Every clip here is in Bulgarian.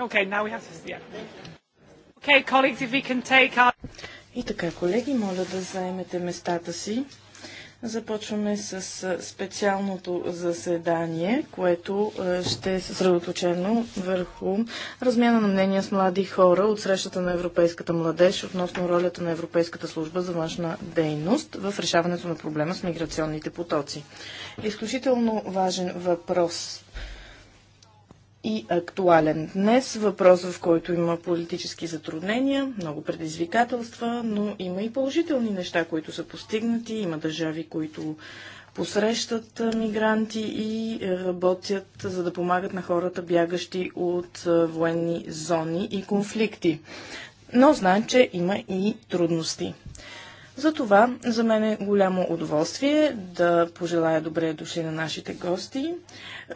Okay, now we have to... Yeah. Okay, colleagues, if we can take our... И така, колеги, моля да заемете местата си. Започваме с специалното заседание, което ще е съсредоточено върху размяна на мнения с млади хора от срещата на Европейската младеж относно ролята на Европейската служба за външна дейност в решаването на проблема с миграционните потоци. Изключително важен въпрос и актуален днес. Въпрос, в който има политически затруднения, много предизвикателства, но има и положителни неща, които са постигнати. Има държави, които посрещат мигранти и е, работят, за да помагат на хората, бягащи от военни зони и конфликти. Но знаем, че има и трудности. Затова за мен е голямо удоволствие да пожелая добре дошли на нашите гости.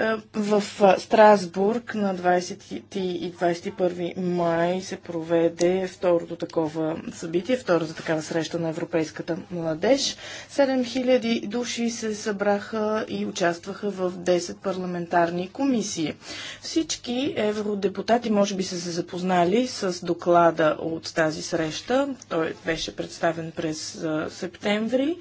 Е, в е, Страсбург на 20 и 21 май се проведе второто такова събитие, втората такава среща на Европейската младеж. 7000 души се събраха и участваха в 10 парламентарни комисии. Всички евродепутати може би са се запознали с доклада от тази среща. Той беше представен през септември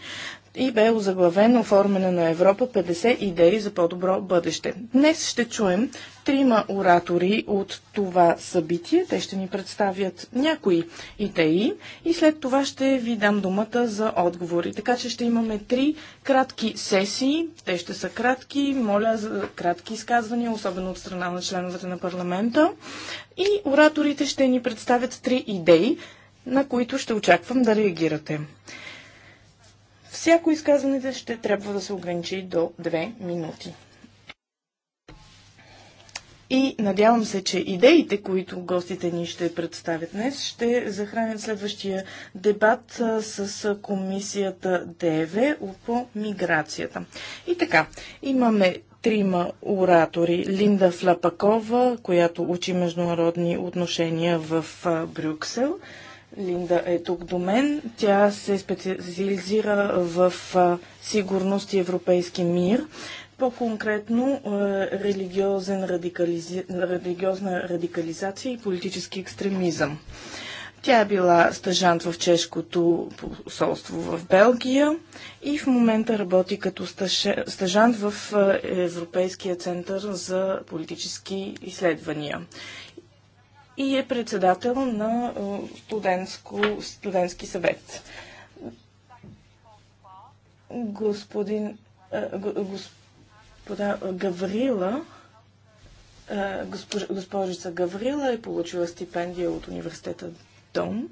и бе озаглавено оформена на Европа 50 идеи за по-добро бъдеще. Днес ще чуем трима оратори от това събитие. Те ще ни представят някои идеи и след това ще ви дам думата за отговори. Така че ще имаме три кратки сесии. Те ще са кратки. Моля за кратки изказвания, особено от страна на членовете на парламента. И ораторите ще ни представят три идеи на които ще очаквам да реагирате. Всяко изказване ще трябва да се ограничи до 2 минути. И надявам се, че идеите, които гостите ни ще представят днес, ще захранят следващия дебат с комисията ДВ по миграцията. И така, имаме трима оратори. Линда Флапакова, която учи международни отношения в Брюксел. Линда е тук до мен. Тя се специализира в сигурност и европейски мир. По-конкретно религиозен радикализи... религиозна радикализация и политически екстремизъм. Тя е била стъжант в чешкото посолство в Белгия и в момента работи като стъжант в Европейския център за политически изследвания и е председател на е, студентски съвет. Господин, е, господа е, Гаврила, госпожица Гаврила е получила стипендия от университета Дом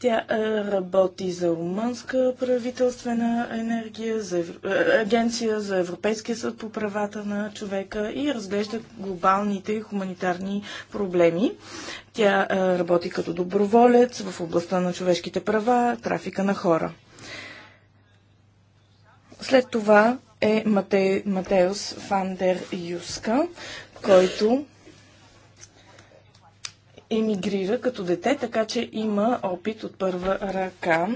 тя е, работи за румънска правителствена енергия, за Евро... Е, агенция за Европейския съд по правата на човека и разглежда глобалните хуманитарни проблеми. Тя е, работи като доброволец в областта на човешките права, трафика на хора. След това е Мате... Матеус Фандер Юска, който емигрира като дете, така че има опит от първа ръка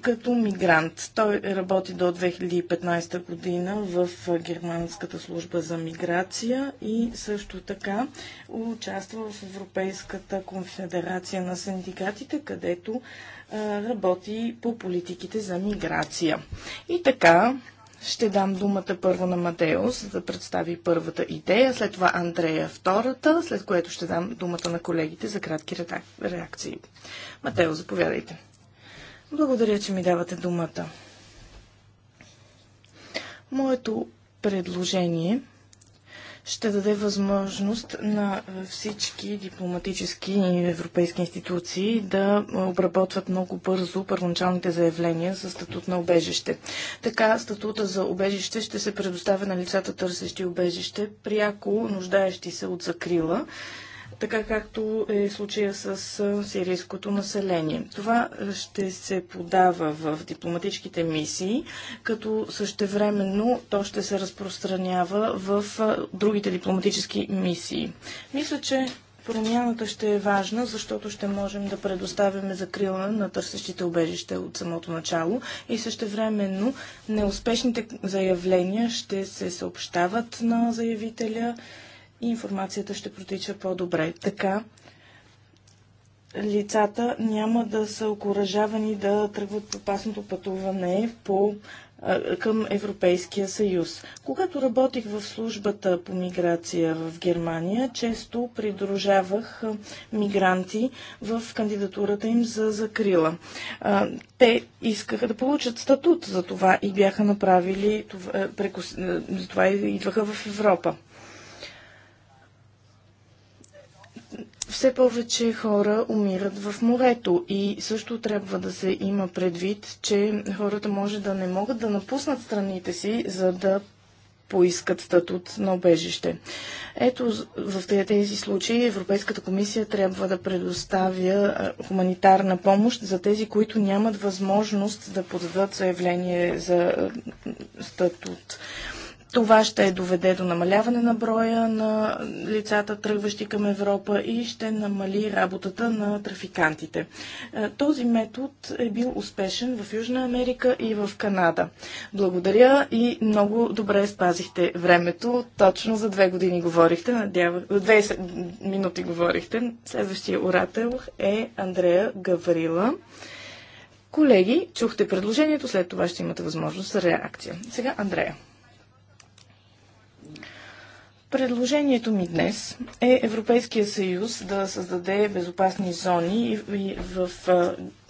като мигрант. Той работи до 2015 година в Германската служба за миграция и също така участва в Европейската конфедерация на синдикатите, където работи по политиките за миграция. И така, ще дам думата първо на Матеос, за да представи първата идея, след това Андрея втората, след което ще дам думата на колегите за кратки реакции. Матео, заповядайте. Благодаря, че ми давате думата. Моето предложение – ще даде възможност на всички дипломатически и европейски институции да обработват много бързо първоначалните заявления за статут на обежище. Така статута за обежище ще се предоставя на лицата търсещи обежище, пряко нуждаещи се от закрила така както е случая с сирийското население. Това ще се подава в дипломатическите мисии, като същевременно то ще се разпространява в другите дипломатически мисии. Мисля, че промяната ще е важна, защото ще можем да предоставяме закрила на търсещите убежище от самото начало и същевременно неуспешните заявления ще се съобщават на заявителя и информацията ще протича по-добре. Така, лицата няма да са окоръжавани да тръгват по опасното пътуване по, а, към Европейския съюз. Когато работих в службата по миграция в Германия, често придружавах мигранти в кандидатурата им за закрила. А, те искаха да получат статут за това и бяха направили това, прекус... за това идваха в Европа. все повече хора умират в морето и също трябва да се има предвид, че хората може да не могат да напуснат страните си, за да поискат статут на обежище. Ето, в тези случаи Европейската комисия трябва да предоставя хуманитарна помощ за тези, които нямат възможност да подадат заявление за статут. Това ще доведе до намаляване на броя на лицата, тръгващи към Европа и ще намали работата на трафикантите. Е, този метод е бил успешен в Южна Америка и в Канада. Благодаря и много добре спазихте времето. Точно за две години говорихте, надява... две минути говорихте. Следващия орател е Андрея Гаврила. Колеги, чухте предложението, след това ще имате възможност за реакция. Сега Андрея. Предложението ми днес е Европейския съюз да създаде безопасни зони в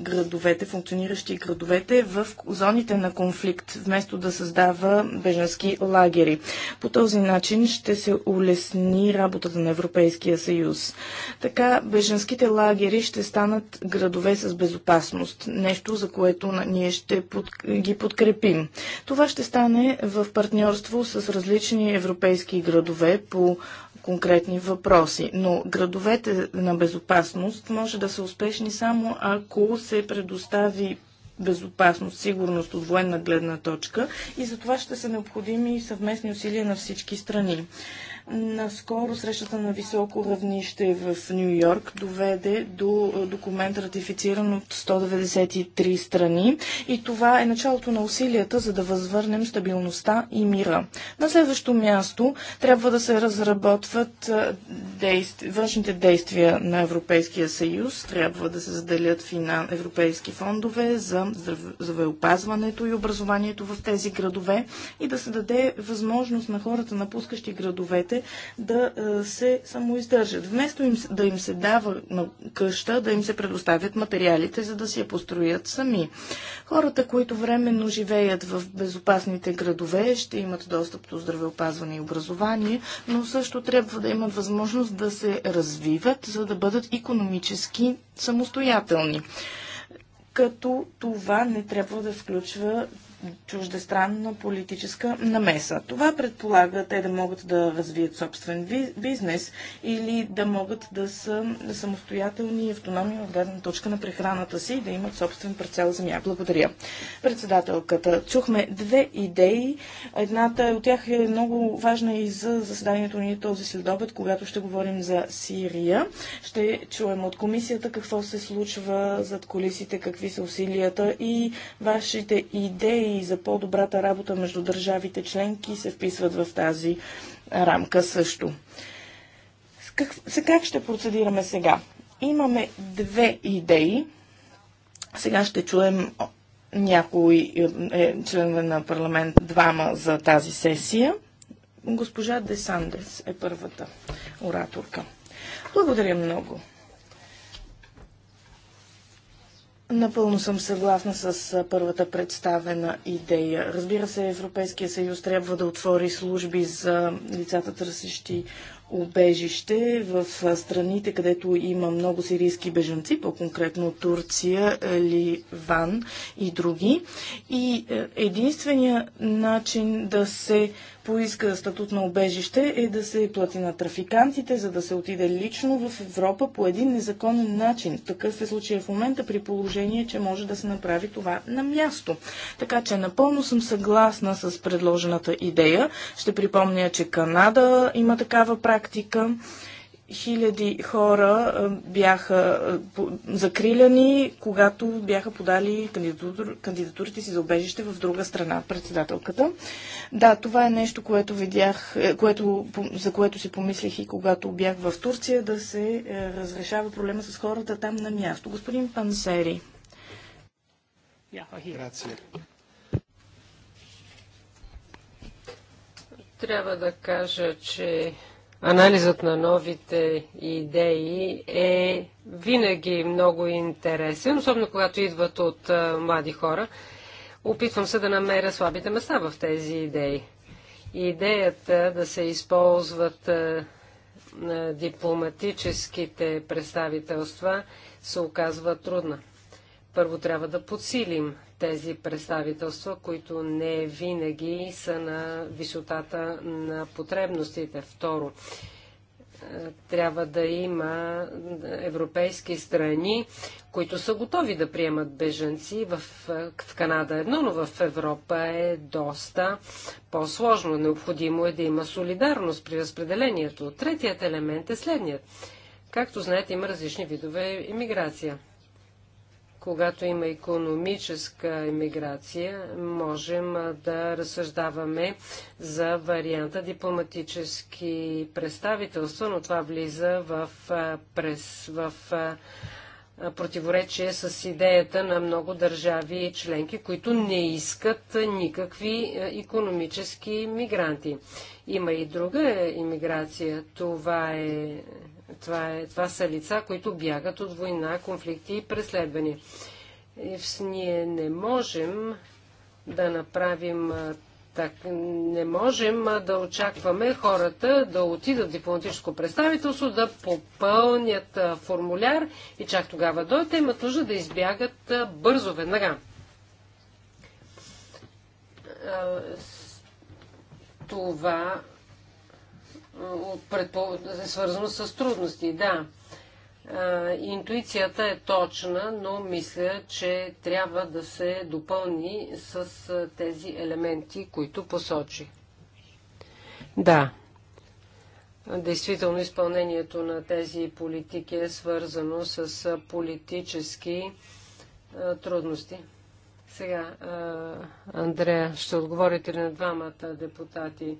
градовете, функциониращи градовете в зоните на конфликт, вместо да създава беженски лагери. По този начин ще се улесни работата на Европейския съюз. Така беженските лагери ще станат градове с безопасност, нещо за което ние ще под... ги подкрепим. Това ще стане в партньорство с различни европейски градове по конкретни въпроси. Но градовете на безопасност може да са успешни само ако се предостави безопасност, сигурност от военна гледна точка и за това ще са необходими съвместни усилия на всички страни. Наскоро срещата на високо равнище в Нью Йорк доведе до документ ратифициран от 193 страни и това е началото на усилията за да възвърнем стабилността и мира. На следващо място трябва да се разработват действ... външните действия на Европейския съюз, трябва да се заделят финан... европейски фондове за здравеопазването и образованието в тези градове и да се даде възможност на хората, напускащи градовете, се да е, се самоиздържат. Вместо им, да им се дава на къща, да им се предоставят материалите, за да си я построят сами. Хората, които временно живеят в безопасните градове, ще имат достъп до здравеопазване и образование, но също трябва да имат възможност да се развиват, за да бъдат економически самостоятелни като това не трябва да включва чуждестранна политическа намеса. Това предполага те да могат да развият собствен бизнес или да могат да са самостоятелни и автономни от гледна точка на прехраната си и да имат собствен парцел земя. Благодаря. Председателката, чухме две идеи. Едната от тях е много важна и за заседанието ни този следобед, когато ще говорим за Сирия. Ще чуем от комисията какво се случва зад колисите, какви са усилията и вашите идеи и за по-добрата работа между държавите членки се вписват в тази рамка също. Как, как ще процедираме сега? Имаме две идеи. Сега ще чуем някои е, е, членове на парламент, двама за тази сесия. Госпожа Десандес е първата ораторка. Благодаря много. Напълно съм съгласна с първата представена идея. Разбира се, Европейския съюз трябва да отвори служби за лицата търсещи убежище в страните, където има много сирийски бежанци, по-конкретно Турция, Ливан и други. И единствения начин да се поиска статут на обежище е да се плати на трафикантите, за да се отиде лично в Европа по един незаконен начин. Такъв е случай в момента при положение, че може да се направи това на място. Така че напълно съм съгласна с предложената идея. Ще припомня, че Канада има такава практика хиляди хора бяха закриляни, когато бяха подали кандидатур, кандидатурите си за обежище в друга страна, председателката. Да, това е нещо, което видях, е, което, за което си помислих и когато бях в Турция, да се е, разрешава проблема с хората там на място. Господин Пансери. Трябва да кажа, че Анализът на новите идеи е винаги много интересен, особено когато идват от млади хора. Опитвам се да намеря слабите места в тези идеи. Идеята да се използват дипломатическите представителства се оказва трудна. Първо трябва да подсилим тези представителства, които не винаги са на висотата на потребностите. Второ, е, трябва да има европейски страни, които са готови да приемат беженци. В, е, в Канада едно, но в Европа е доста по-сложно. Необходимо е да има солидарност при разпределението. Третият елемент е следният. Както знаете, има различни видове иммиграция когато има економическа иммиграция, можем да разсъждаваме за варианта дипломатически представителства, но това влиза в, през, в противоречие с идеята на много държави и членки, които не искат никакви економически мигранти. Има и друга иммиграция. Това е това, е, това са лица, които бягат от война, конфликти и преследвани. Ние не можем да направим так, не можем да очакваме хората да отидат в дипломатическо представителство, да попълнят формуляр и чак тогава дойдат, имат нужда да избягат бързо, веднага. Това е, предпо... е свързано с трудности. Да, е, интуицията е точна, но мисля, че трябва да се допълни с е, тези елементи, които посочи. Да. Действително изпълнението на тези политики е свързано с политически трудности. Сега, Андрея, ще отговорите ли на двамата депутати?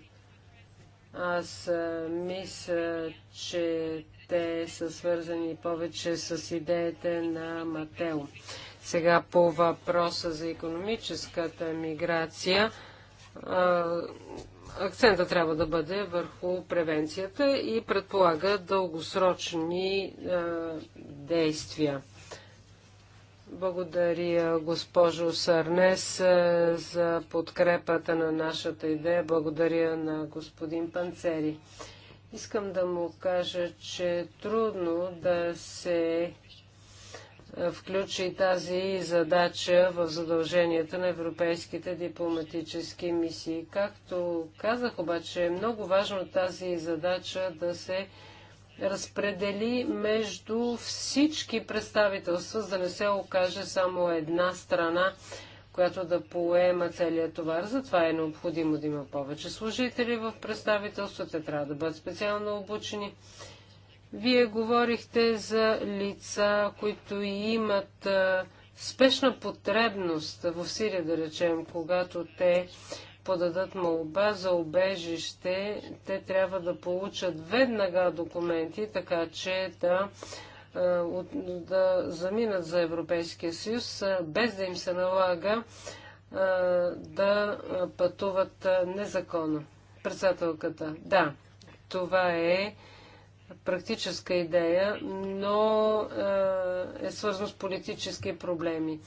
Аз мисля, че те са свързани повече с идеите на Матео. Сега по въпроса за економическата миграция, акцента трябва да бъде върху превенцията и предполага дългосрочни действия. Благодаря, госпожо Сърнес, е, за подкрепата на нашата идея. Благодаря на господин Панцери. Искам да му кажа, че е трудно да се е, включи тази задача в задълженията на европейските дипломатически мисии. Както казах обаче, е много важно тази задача да се разпредели между всички представителства, за да не се окаже само една страна, която да поема целият товар. Затова е необходимо да има повече служители в представителството. Те трябва да бъдат специално обучени. Вие говорихте за лица, които имат спешна потребност в Сирия, да речем, когато те подадат молба за обежище, те трябва да получат веднага документи, така че да, да заминат за Европейския съюз, без да им се налага да пътуват незаконно. Председателката, да, това е практическа идея, но е свързано с политически проблеми.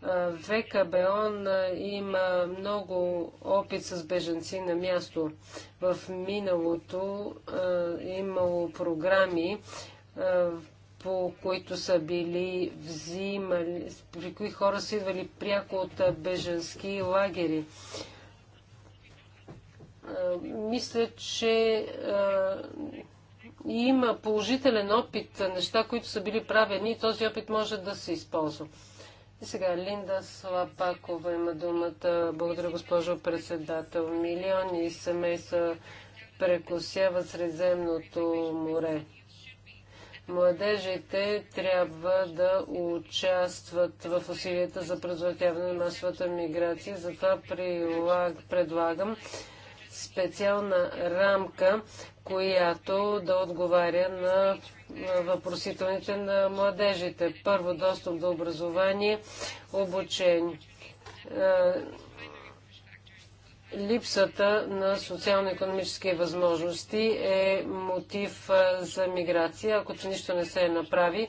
ВКБОН има много опит с беженци на място. В миналото е имало програми, по които са били взимали, при кои хора са идвали пряко от беженски лагери. Мисля, че има положителен опит, неща, които са били правени и този опит може да се използва. И сега Линда Слапакова има думата. Благодаря, госпожо председател. Милиони семейства прекосяват Средземното море. Младежите трябва да участват в усилията за предотвратяване на масовата миграция. Затова прилаг, предлагам специална рамка, която да отговаря на въпросителните на младежите. Първо, достъп до образование, обучение. Е, липсата на социално-економически възможности е мотив е, за миграция. Ако нищо не се направи,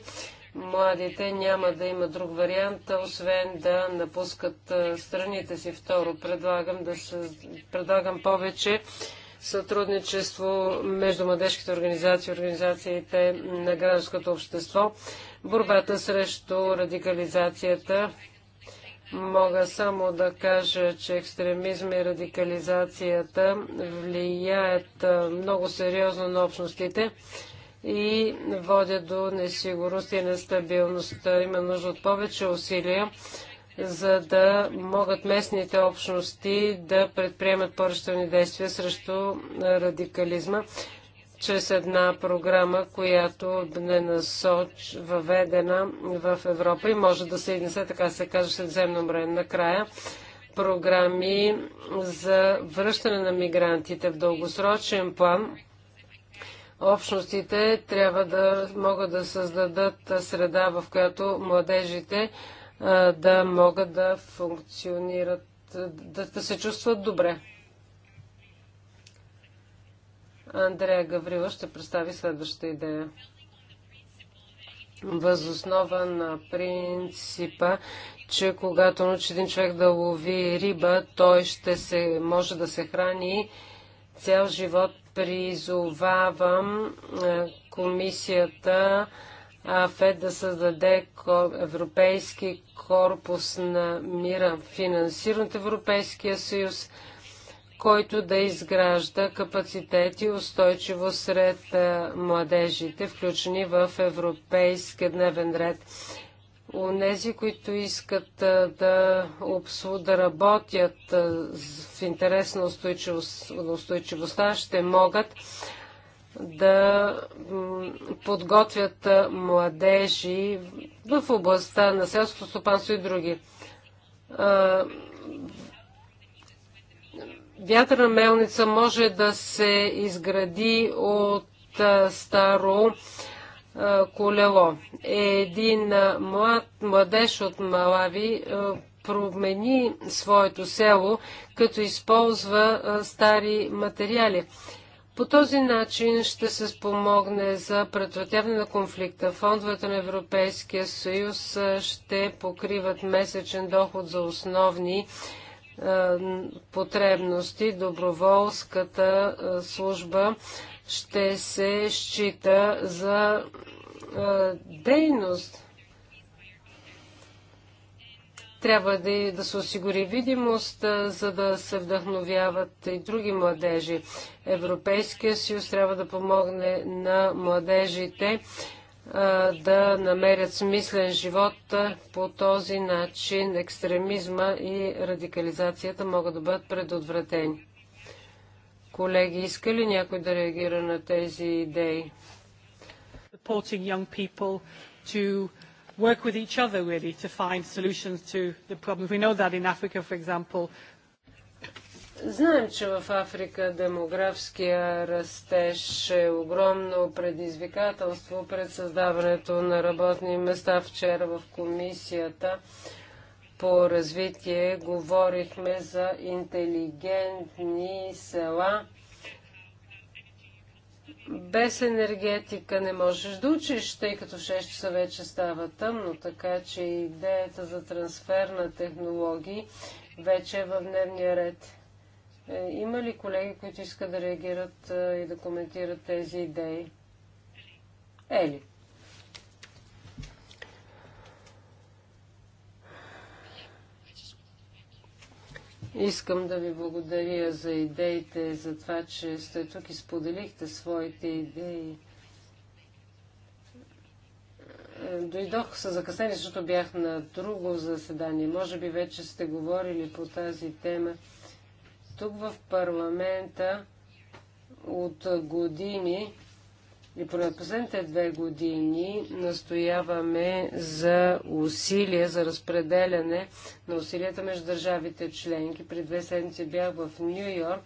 младите няма да има друг вариант, освен да напускат е, страните си. Второ, предлагам, да предлагам повече сътрудничество между младежките организации и организациите на гражданското общество, борбата срещу радикализацията. Мога само да кажа, че екстремизма и радикализацията влияят много сериозно на общностите и водят до несигурност и нестабилност. Има нужда от повече усилия за да могат местните общности да предприемат по действия срещу радикализма чрез една програма, която е насоч, въведена в Европа и може да се изнесе, така се казва Средземно море. Накрая програми за връщане на мигрантите в дългосрочен план. Общностите трябва да могат да създадат среда, в която младежите да могат да функционират, да, да се чувстват добре. Андрея Гаврила ще представи следващата идея. Възоснова на принципа, че когато научи един човек да лови риба, той ще се, може да се храни цял живот. Призовавам комисията ФЕД да създаде Европейски корпус на мира, финансиран от Европейския съюз, който да изгражда капацитет и устойчиво сред младежите, включени в Европейския дневен ред. Онези, които искат да, обслу, да работят в интерес на, устойчивост, на устойчивостта, ще могат да подготвят младежи в областта на селското стопанство и други. Вятърна мелница може да се изгради от старо колело. Един млад младеж от Малави промени своето село, като използва стари материали. По този начин ще се спомогне за предотвратяване на конфликта. Фондовете на Европейския съюз ще покриват месечен доход за основни потребности, доброволската служба ще се счита за дейност. Трябва да, да се осигури видимост, за да се вдъхновяват и други младежи. Европейския съюз трябва да помогне на младежите да намерят смислен живот. По този начин екстремизма и радикализацията могат да бъдат предотвратени. Колеги, иска ли някой да реагира на тези идеи? work with each other really to find solutions to the problems. We know that in Africa, for example. Знаем, че в Африка демографския растеж е огромно предизвикателство пред създаването на работни места. Вчера в комисията по развитие говорихме за интелигентни села – без енергетика не можеш да учиш, тъй като 6 часа вече става тъмно, така че идеята за трансфер на технологии вече е в дневния ред. Е, има ли колеги, които искат да реагират е, и да коментират тези идеи? Ели. Искам да ви благодаря за идеите, за това, че сте тук и споделихте своите идеи. Дойдох с закъснение, защото бях на друго заседание. Може би вече сте говорили по тази тема. Тук в парламента от години и поне последните две години настояваме за усилия за разпределяне на усилията между държавите членки. При две седмици бях в Нью Йорк.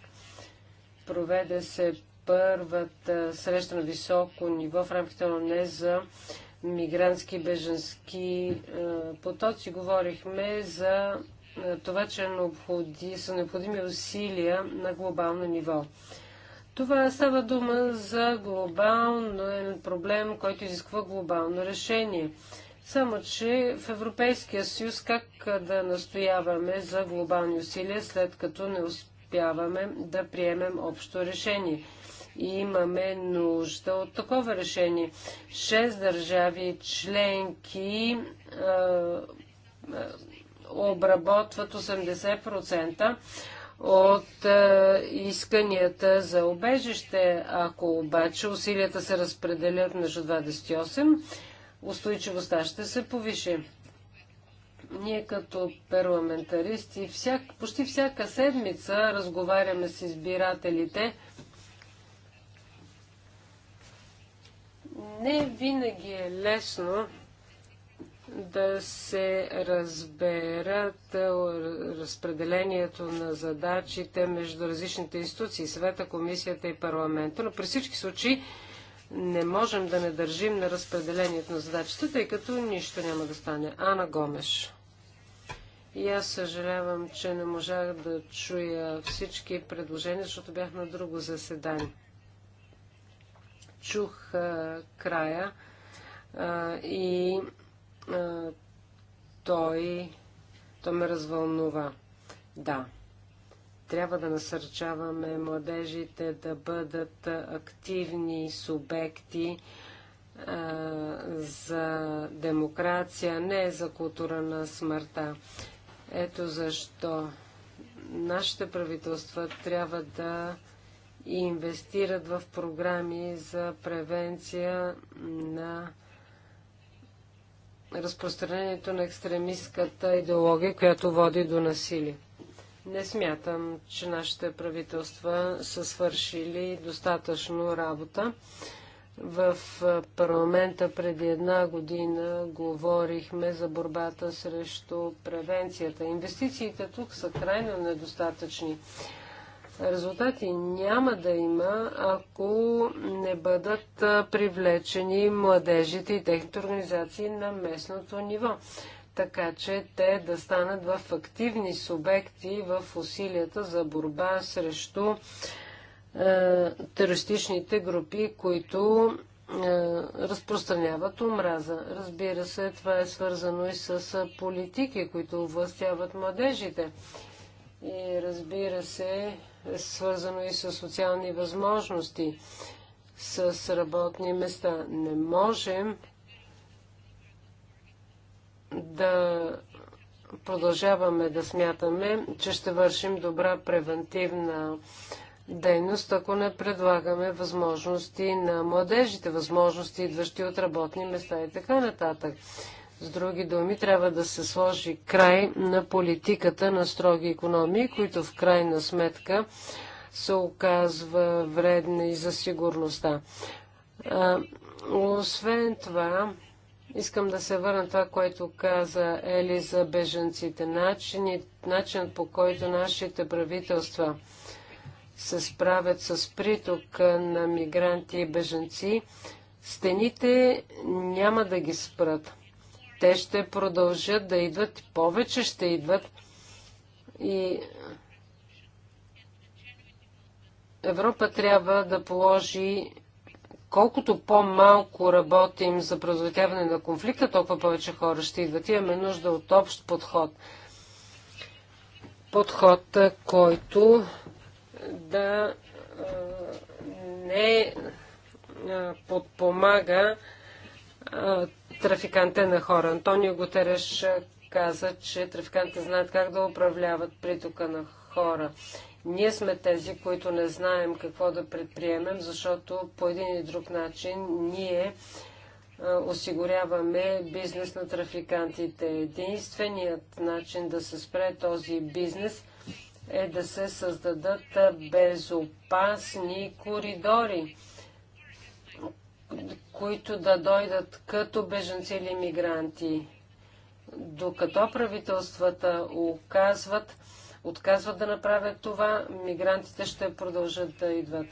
Проведе се първата среща на високо ниво в рамките на не за мигрантски беженски е, потоци. Говорихме за е, това, че е са необходими усилия на глобално ниво. Това става дума за глобален проблем, който изисква глобално решение. Само, че в Европейския съюз как да настояваме за глобални усилия, след като не успяваме да приемем общо решение? И имаме нужда от такова решение. Шест държави членки а, а, обработват 80% от исканията за обежище. Ако обаче усилията се разпределят между 28, устойчивостта ще се повиши. Ние като парламентаристи всяк, почти всяка седмица разговаряме с избирателите. Не винаги е лесно да се разберат е, разпределението на задачите между различните институции, съвета, комисията и парламента, но при всички случаи не можем да не държим на разпределението на задачите, тъй като нищо няма да стане. Ана Гомеш. И аз съжалявам, че не можах да чуя всички предложения, защото бях на друго заседание. Чух а, е, края а, е, и той, той ме развълнува. Да, трябва да насърчаваме младежите да бъдат активни субекти а, за демокрация, не за култура на смъртта. Ето защо нашите правителства трябва да инвестират в програми за превенция на разпространението на екстремистската идеология, която води до насилие. Не смятам, че нашите правителства са свършили достатъчно работа. В парламента преди една година говорихме за борбата срещу превенцията. Инвестициите тук са крайно недостатъчни. Резултати няма да има, ако не бъдат привлечени младежите и техните организации на местното ниво, така че те да станат в активни субекти в усилията за борба срещу е, терористичните групи, които е, разпространяват омраза. Разбира се, това е свързано и с политики, които властяват младежите. И разбира се, свързано и с социални възможности, с работни места. Не можем да продължаваме да смятаме, че ще вършим добра превентивна дейност, ако не предлагаме възможности на младежите, възможности идващи от работни места и така нататък. С други думи, трябва да се сложи край на политиката на строги економии, които в крайна сметка се оказва вредна и за сигурността. А, освен това, искам да се върна това, което каза Ели за беженците. Начин, начинът по който нашите правителства се справят с приток на мигранти и беженци, стените няма да ги спрат те ще продължат да идват, повече ще идват. И Европа трябва да положи колкото по-малко работим за предотвратяване на конфликта, толкова повече хора ще идват. Имаме нужда от общ подход. Подход, който да не подпомага трафиканте на хора. Антонио Гутереш каза, че трафикантите знаят как да управляват притока на хора. Ние сме тези, които не знаем какво да предприемем, защото по един и друг начин ние осигуряваме бизнес на трафикантите. Единственият начин да се спре този бизнес е да се създадат безопасни коридори които да дойдат като беженци или мигранти, докато правителствата оказват, отказват да направят това, мигрантите ще продължат да идват.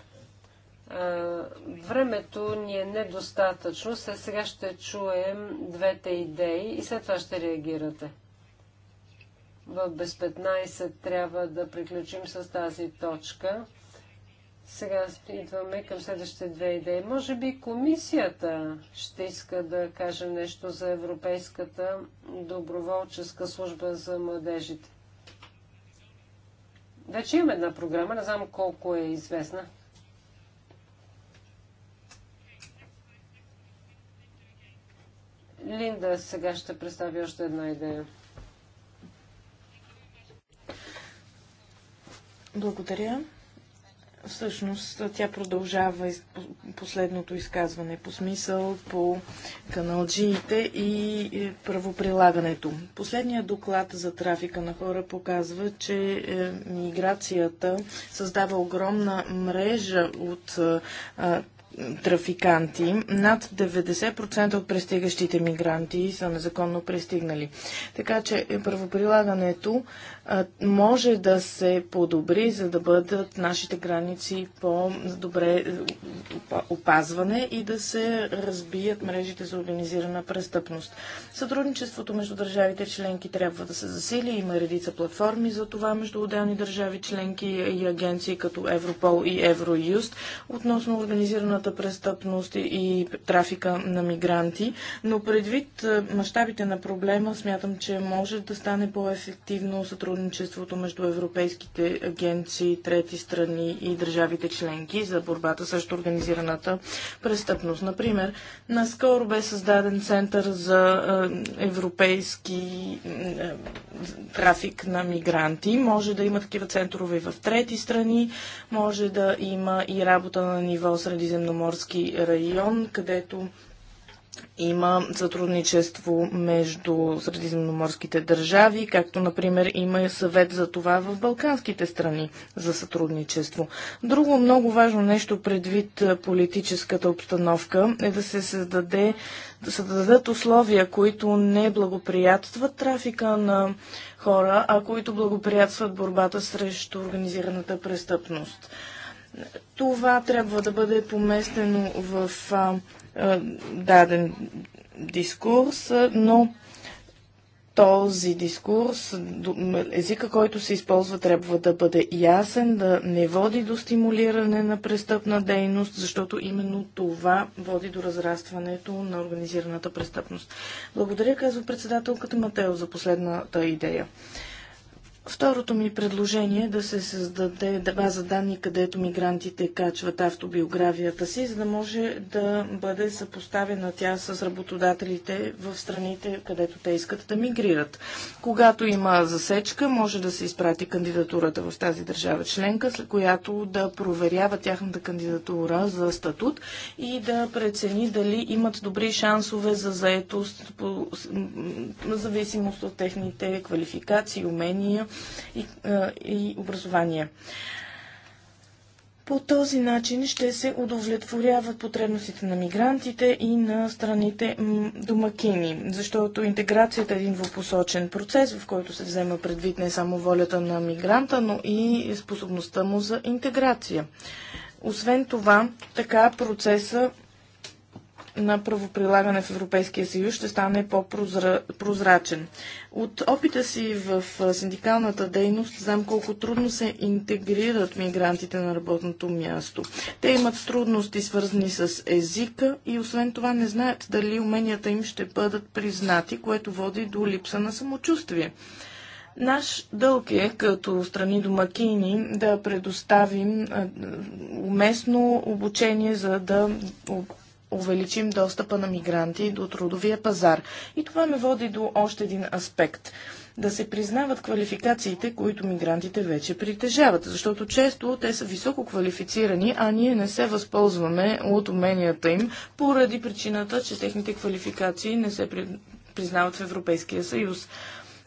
Времето ни е недостатъчно. След сега ще чуем двете идеи и след това ще реагирате. В без 15 трябва да приключим с тази точка. Сега идваме към следващите две идеи. Може би комисията ще иска да каже нещо за Европейската доброволческа служба за младежите. Вече имаме една програма, не знам колко е известна. Линда сега ще представи още една идея. Благодаря. Всъщност тя продължава последното изказване по смисъл, по каналджиите и правоприлагането. Последният доклад за трафика на хора показва, че е, миграцията създава огромна мрежа от е, трафиканти. Над 90% от пристигащите мигранти са незаконно пристигнали. Така че е, правоприлагането може да се подобри, за да бъдат нашите граници по-добре е, опазване и да се разбият мрежите за организирана престъпност. Сътрудничеството между държавите членки трябва да се засили. Има редица платформи за това между отделни държави членки и агенции като Европол и Евроюст относно организираната престъпност и трафика на мигранти. Но предвид е, мащабите на проблема, смятам, че може да стане по-ефективно сътрудничеството сътрудничеството между европейските агенции, трети страни и държавите членки за борбата срещу организираната престъпност. Например, наскоро бе създаден Център за е, европейски е, трафик на мигранти. Може да има такива центрове в трети страни, може да има и работа на ниво Средиземноморски район, където има сътрудничество между средиземноморските държави, както, например, има и съвет за това в балканските страни за сътрудничество. Друго много важно нещо предвид политическата обстановка е да се създаде, да създадат условия, които не благоприятстват трафика на хора, а които благоприятстват борбата срещу организираната престъпност. Това трябва да бъде поместено в е, даден дискурс, но този дискурс, езика, който се използва, трябва да бъде ясен, да не води до стимулиране на престъпна дейност, защото именно това води до разрастването на организираната престъпност. Благодаря, казва председателката Матео, за последната идея. Второто ми предложение е да се създаде база данни, където мигрантите качват автобиографията си, за да може да бъде съпоставена тя с работодателите в страните, където те искат да мигрират. Когато има засечка, може да се изпрати кандидатурата в тази държава членка, след която да проверява тяхната кандидатура за статут и да прецени дали имат добри шансове за заетост, по, зависимост от техните квалификации, умения и, и образование. По този начин ще се удовлетворяват потребностите на мигрантите и на страните домакини, защото интеграцията е един двупосочен процес, в който се взема предвид не само волята на мигранта, но и способността му за интеграция. Освен това, така процеса на правоприлагане в Европейския съюз ще стане по-прозрачен. От опита си в синдикалната дейност знам колко трудно се интегрират мигрантите на работното място. Те имат трудности свързани с езика и освен това не знаят дали уменията им ще бъдат признати, което води до липса на самочувствие. Наш дълг е, като страни домакини, да предоставим уместно обучение, за да увеличим достъпа на мигранти до трудовия пазар. И това ме води до още един аспект да се признават квалификациите, които мигрантите вече притежават, защото често те са високо квалифицирани, а ние не се възползваме от уменията им, поради причината, че техните квалификации не се признават в Европейския съюз.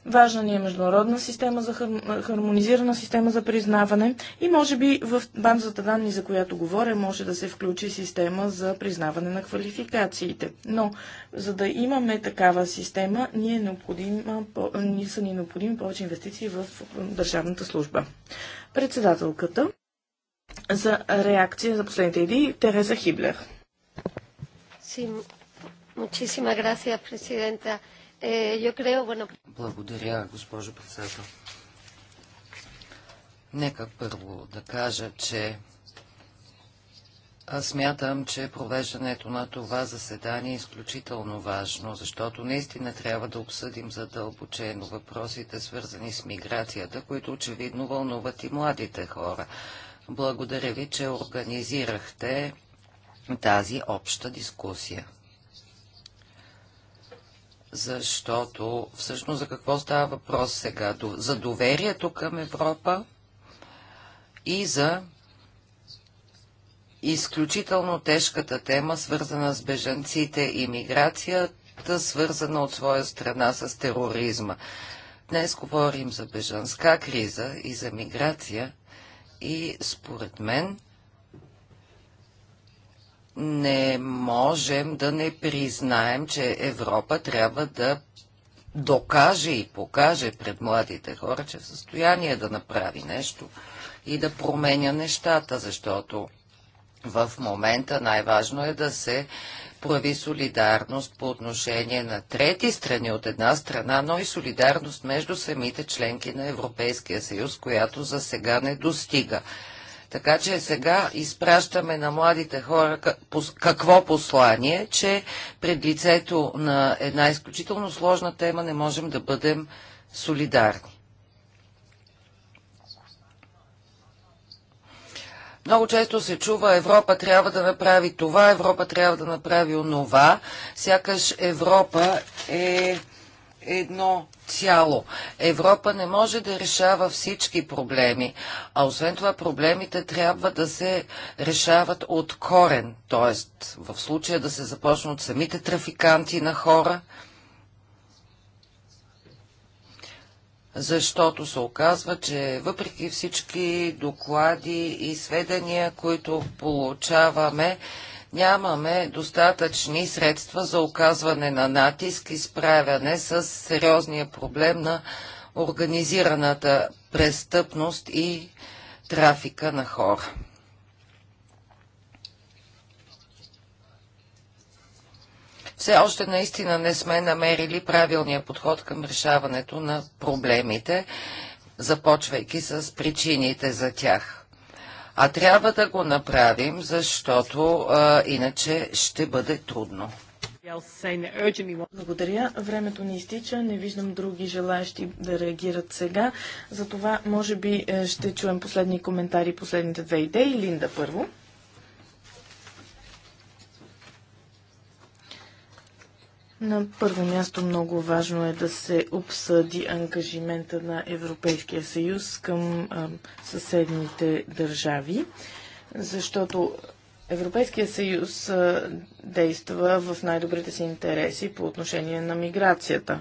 Важна ни е международна система за хар... хармонизирана система за признаване и може би в банзата данни, за която говоря, може да се включи система за признаване на квалификациите. Но за да имаме такава система, ни е необходим, по... ние са ни необходими повече инвестиции в държавната служба. Председателката за реакция за последните идеи Тереза Хиблер. Sí. Muchísimas gracias, Presidenta. Eh, yo creo, Благодаря, госпожо председател. Нека първо да кажа, че аз смятам, че провеждането на това заседание е изключително важно, защото наистина трябва да обсъдим задълбочено въпросите, свързани с миграцията, които очевидно вълнуват и младите хора. Благодаря ви, че организирахте тази обща дискусия защото всъщност за какво става въпрос сега? За доверието към Европа и за изключително тежката тема, свързана с бежанците и миграцията, свързана от своя страна с тероризма. Днес говорим за бежанска криза и за миграция и според мен не можем да не признаем, че Европа трябва да докаже и покаже пред младите хора, че е в състояние да направи нещо и да променя нещата, защото в момента най-важно е да се прояви солидарност по отношение на трети страни от една страна, но и солидарност между самите членки на Европейския съюз, която за сега не достига. Така че сега изпращаме на младите хора какво послание, че пред лицето на една изключително сложна тема не можем да бъдем солидарни. Много често се чува Европа трябва да направи това, Европа трябва да направи онова. Сякаш Европа е едно цяло. Европа не може да решава всички проблеми, а освен това проблемите трябва да се решават от корен, т.е. в случая да се започне от самите трафиканти на хора, защото се оказва, че въпреки всички доклади и сведения, които получаваме, нямаме достатъчни средства за оказване на натиск и справяне с сериозния проблем на организираната престъпност и трафика на хора. Все още наистина не сме намерили правилния подход към решаването на проблемите, започвайки с причините за тях. А трябва да го направим, защото а, иначе ще бъде трудно. Благодаря. Времето ни изтича. Не виждам други желаящи да реагират сега. Затова, може би, е, ще чуем последни коментари, последните две идеи. Линда първо. На първо място много важно е да се обсъди ангажимента на Европейския съюз към а, съседните държави, защото Европейския съюз а, действа в най-добрите си интереси по отношение на миграцията.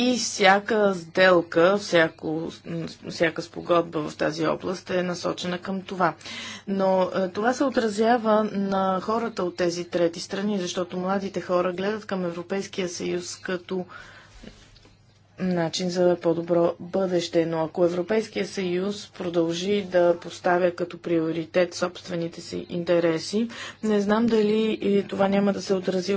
И всяка сделка, всяко, всяка спогодба в тази област е насочена към това. Но е, това се отразява на хората от тези трети страни, защото младите хора гледат към Европейския съюз като начин за по-добро бъдеще. Но ако Европейския съюз продължи да поставя като приоритет собствените си интереси, не знам дали и това няма да се отрази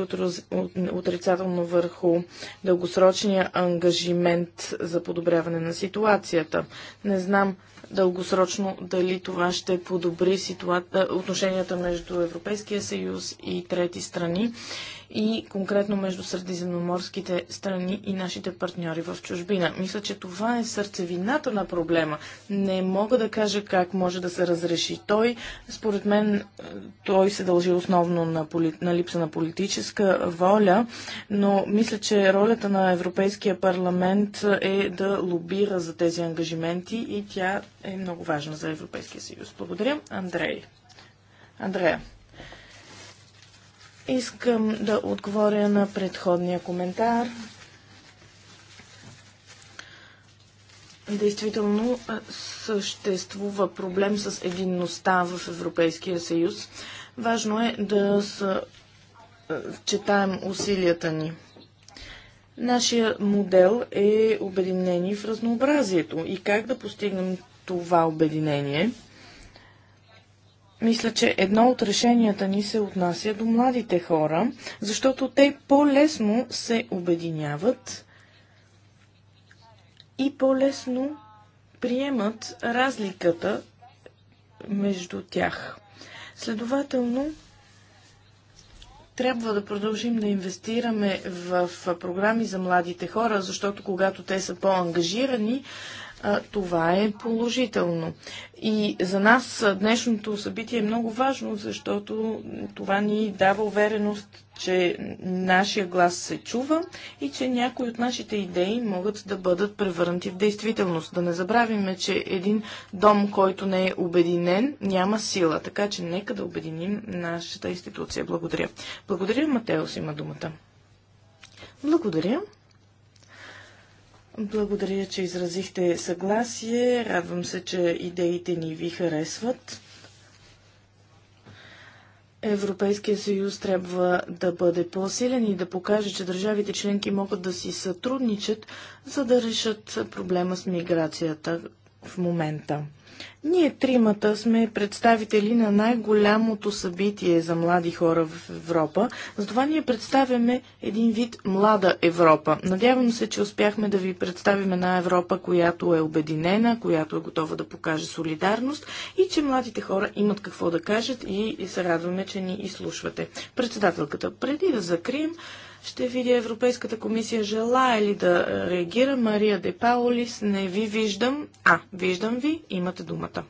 отрицателно върху дългосрочния ангажимент за подобряване на ситуацията. Не знам дългосрочно дали това ще подобри ситуа... Е, отношенията между Европейския съюз и трети страни и конкретно между средиземноморските страни и нашите партньори в чужбина. Мисля, че това е сърцевината на проблема. Не мога да кажа как може да се разреши той. Според мен е, той се дължи основно на, поли... на липса на политическа воля, но мисля, че ролята на Европейския парламент е да лобира за тези ангажименти и тя е много важна за Европейския съюз. Благодаря, Андрей. Андрея. Искам да отговоря на предходния коментар. Действително съществува проблем с единността в Европейския съюз. Важно е да са, четаем усилията ни. Нашия модел е обединени в разнообразието и как да постигнем това обединение. Мисля, че едно от решенията ни се отнася до младите хора, защото те по-лесно се обединяват и по-лесно приемат разликата между тях. Следователно, трябва да продължим да инвестираме в програми за младите хора, защото когато те са по-ангажирани, това е положително. И за нас днешното събитие е много важно, защото това ни дава увереност, че нашия глас се чува и че някои от нашите идеи могат да бъдат превърнати в действителност. Да не забравиме, че един дом, който не е обединен, няма сила. Така че нека да обединим нашата институция. Благодаря. Благодаря, Матеос има думата. Благодаря. Благодаря, че изразихте съгласие. Радвам се, че идеите ни ви харесват. Европейския съюз трябва да бъде по-силен и да покаже, че държавите членки могат да си сътрудничат, за да решат проблема с миграцията в момента. Ние тримата сме представители на най-голямото събитие за млади хора в Европа, затова ние представяме един вид млада Европа. Надявам се, че успяхме да ви представим една Европа, която е обединена, която е готова да покаже солидарност и че младите хора имат какво да кажат и се радваме, че ни изслушвате. Председателката, преди да закрием, ще видя Европейската комисия желая ли да реагира. Мария Де Паулис, не ви виждам. А, виждам ви, имате думата.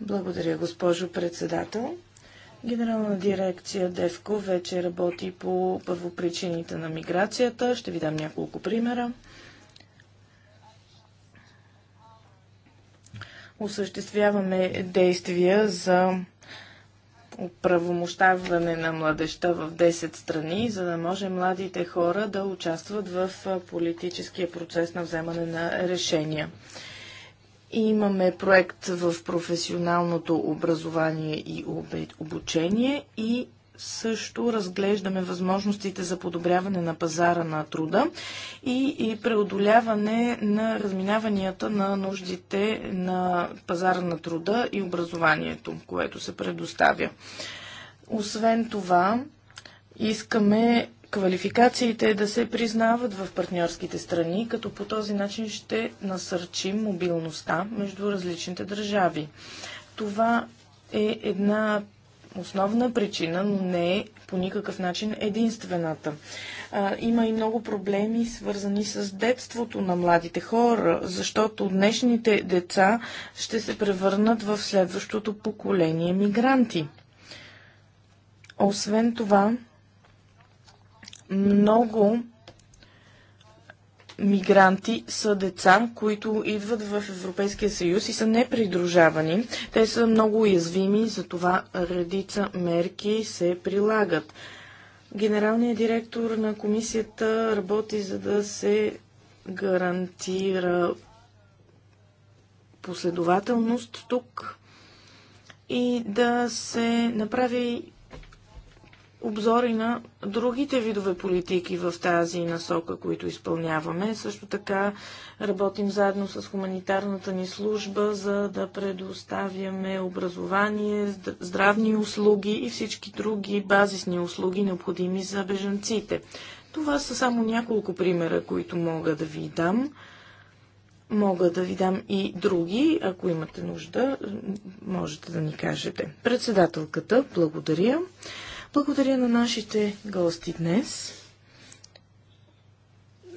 Благодаря, госпожо председател. Генерална дирекция ДЕВКО вече работи по първопричините на миграцията. Ще ви дам няколко примера. Осъществяваме действия за оправомощаване на младеща в 10 страни, за да може младите хора да участват в политическия процес на вземане на решения. И имаме проект в професионалното образование и обучение и също разглеждаме възможностите за подобряване на пазара на труда и, и преодоляване на разминаванията на нуждите на пазара на труда и образованието, което се предоставя. Освен това, искаме квалификациите да се признават в партньорските страни, като по този начин ще насърчим мобилността между различните държави. Това е една основна причина, но не е по никакъв начин единствената. А, има и много проблеми, свързани с детството на младите хора, защото днешните деца ще се превърнат в следващото поколение мигранти. Освен това, много мигранти са деца, които идват в Европейския съюз и са непридружавани. Те са много уязвими, затова редица мерки се прилагат. Генералният директор на комисията работи за да се гарантира последователност тук и да се направи обзори на другите видове политики в тази насока, които изпълняваме. Също така работим заедно с хуманитарната ни служба, за да предоставяме образование, здравни услуги и всички други базисни услуги, необходими за бежанците. Това са само няколко примера, които мога да ви дам. Мога да ви дам и други, ако имате нужда, можете да ни кажете. Председателката, благодаря. Благодаря на нашите гости днес.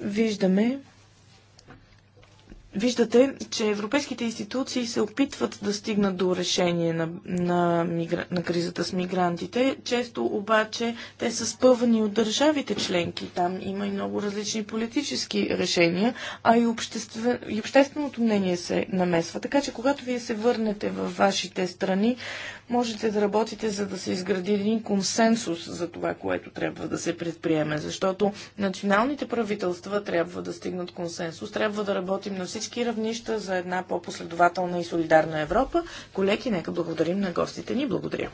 Виждаме, Виждате, че европейските институции се опитват да стигнат до решение на, на, мигра... на кризата с мигрантите. Често обаче те са спъвани от държавите членки. Там има и много различни политически решения, а и, обществе... и общественото мнение се намесва. Така че, когато вие се върнете във вашите страни, можете да работите, за да се изгради един консенсус за това, което трябва да се предприеме. Защото националните правителства трябва да стигнат консенсус, трябва да работим на всички европейски равнища за една по-последователна и солидарна Европа. Колеги, нека благодарим на гостите ни. Благодаря.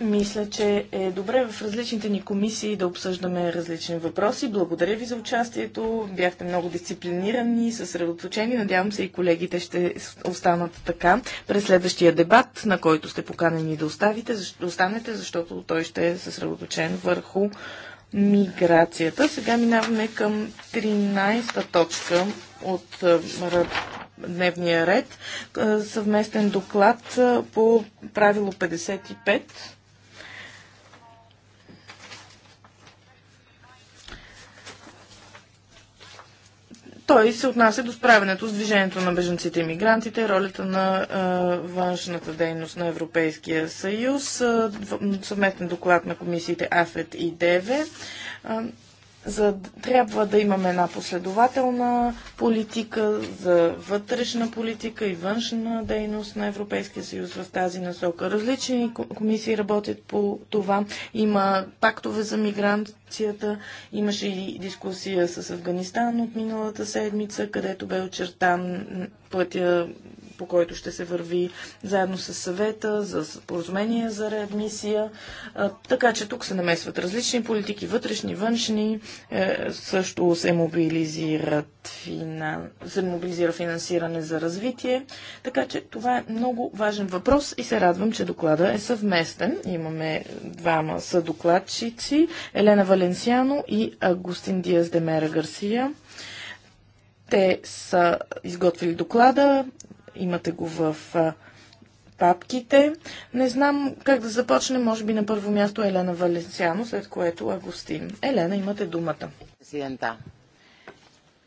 Мисля, че е добре в различните ни комисии да обсъждаме различни въпроси. Благодаря ви за участието. Бяхте много дисциплинирани, съсредоточени. Надявам се и колегите ще останат така през следващия дебат, на който сте поканени да оставите, останете, защото той ще е съсредоточен върху миграцията. Сега минаваме към 13-та точка от дневния ред. Е, съвместен доклад е, по правило 55. Той се отнася до справянето с движението на беженците и мигрантите, ролята на а, е, външната дейност на Европейския съюз, а, съвместен доклад на комисиите АФЕТ и ДЕВЕ за, трябва да имаме една последователна политика за вътрешна политика и външна дейност на Европейския съюз в тази насока. Различни комисии работят по това. Има пактове за миграцията. Имаше и дискусия с Афганистан от миналата седмица, където бе очертан пътя по който ще се върви заедно с съвета, за споразумение за реадмисия. Така че тук се намесват различни политики, вътрешни, външни. Е, също се, мобилизират се мобилизира финансиране за развитие. Така че това е много важен въпрос и се радвам, че доклада е съвместен. Имаме двама съдокладчици Елена Валенсиано и Агустин Диас Демера Гарсия. Те са изготвили доклада, Имате го в папките. Не знам как да започнем. Може би на първо място Елена Валенциано, след което Агустин. Елена, имате думата. Президента.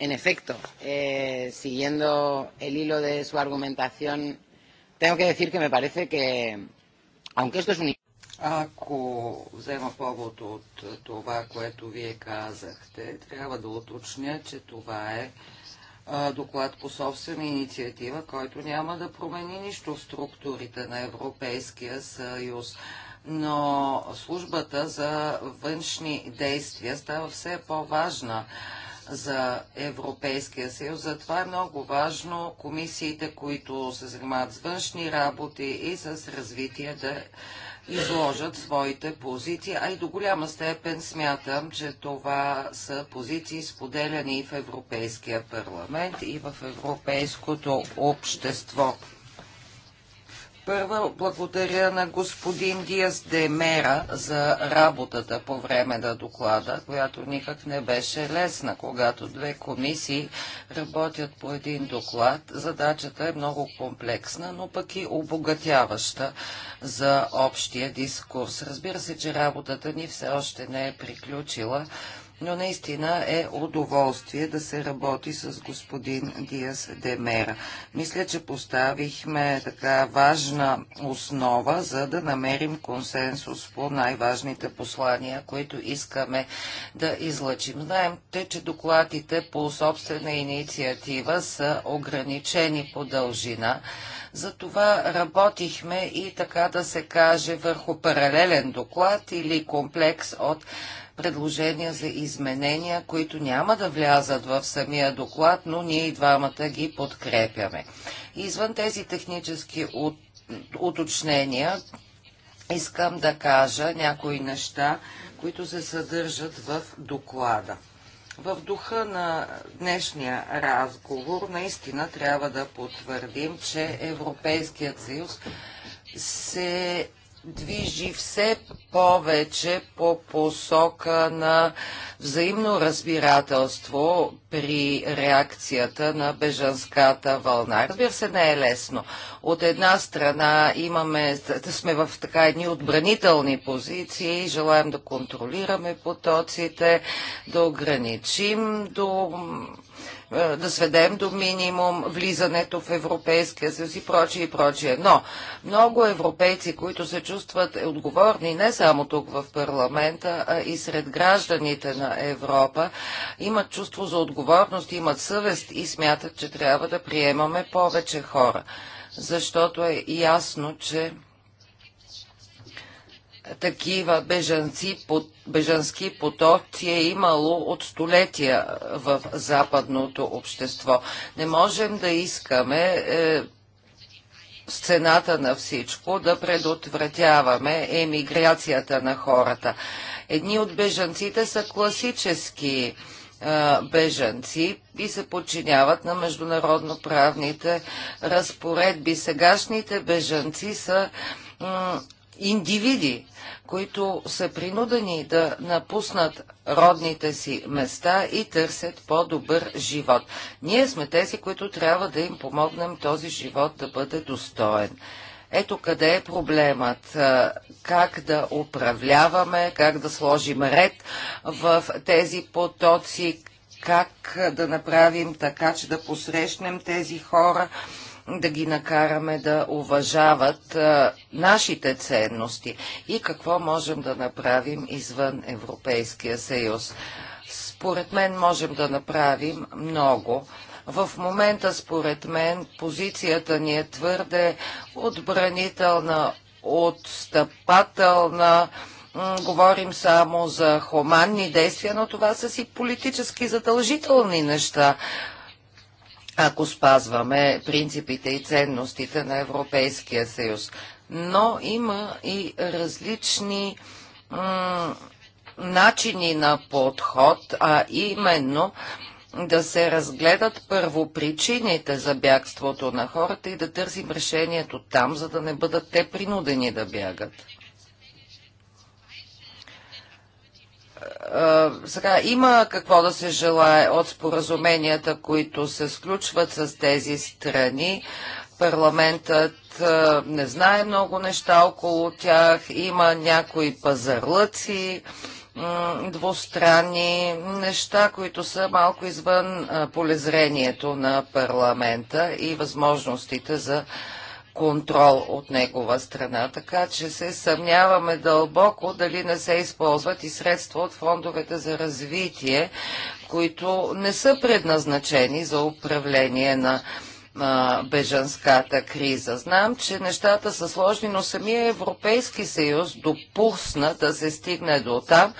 En efecto, eh, siguiendo el hilo de su argumentación, tengo que decir que me parece que, aunque esto es un... Ако взема повод от това, което вие казахте, трябва да уточня, че това е доклад по собствена инициатива, който няма да промени нищо в структурите на Европейския съюз. Но службата за външни действия става все по-важна за Европейския съюз. Затова е много важно комисиите, които се занимават с външни работи и с развитие да изложат своите позиции, а и до голяма степен смятам, че това са позиции споделяни и в Европейския парламент, и в европейското общество. Първо, благодаря на господин Диас Демера за работата по време на доклада, която никак не беше лесна. Когато две комисии работят по един доклад, задачата е много комплексна, но пък и обогатяваща за общия дискурс. Разбира се, че работата ни все още не е приключила, но наистина е удоволствие да се работи с господин Диас Демера. Мисля, че поставихме така важна основа, за да намерим консенсус по най-важните послания, които искаме да излъчим. Знаем, те, че докладите по собствена инициатива са ограничени по дължина. Затова работихме и така да се каже върху паралелен доклад или комплекс от предложения за изменения, които няма да влязат в самия доклад, но ние и двамата ги подкрепяме. Извън тези технически уточнения, искам да кажа някои неща, които се съдържат в доклада. В духа на днешния разговор наистина трябва да потвърдим, че Европейският съюз се движи все повече по посока на взаимно разбирателство при реакцията на бежанската вълна. Разбира се, не е лесно. От една страна имаме, сме в така едни отбранителни позиции, желаем да контролираме потоците, да ограничим до е, да сведем до минимум влизането в Европейския съюз и прочие и прочие. Но много европейци, които се чувстват отговорни не само тук в парламента, а и сред гражданите на Европа, имат чувство за отговорност, имат съвест и смятат, че трябва да приемаме повече хора. Защото е ясно, че такива бежанци, бежански потоци е имало от столетия в западното общество. Не можем да искаме е, на всичко да предотвратяваме емиграцията на хората. Едни от бежанците са класически е, бежанци и се подчиняват на международно-правните разпоредби. Сегашните бежанци са индивиди, които са принудени да напуснат родните си места и търсят по-добър живот. Ние сме тези, които трябва да им помогнем този живот да бъде достоен. Ето къде е проблемът. Как да управляваме, как да сложим ред в тези потоци, как да направим така, че да посрещнем тези хора да ги накараме да уважават а, нашите ценности и какво можем да направим извън Европейския съюз. Според мен можем да направим много. В момента, според мен, позицията ни е твърде отбранителна, отстъпателна. Говорим само за хуманни действия, но това са си политически задължителни неща ако спазваме принципите и ценностите на Европейския съюз. Но има и различни начини на подход, а именно да се разгледат първо причините за бягството на хората и да търсим решението там, за да не бъдат те принудени да бягат. сега, има какво да се желае от споразуменията, които се сключват с тези страни. Парламентът не знае много неща около тях. Има някои пазарлъци, двустранни неща, които са малко извън полезрението на парламента и възможностите за контрол от негова страна, така че се съмняваме дълбоко дали не се използват и средства от фондовете за развитие, които не са предназначени за управление на а, бежанската криза. Знам, че нещата са сложни, но самия Европейски съюз допусна да се стигне до там,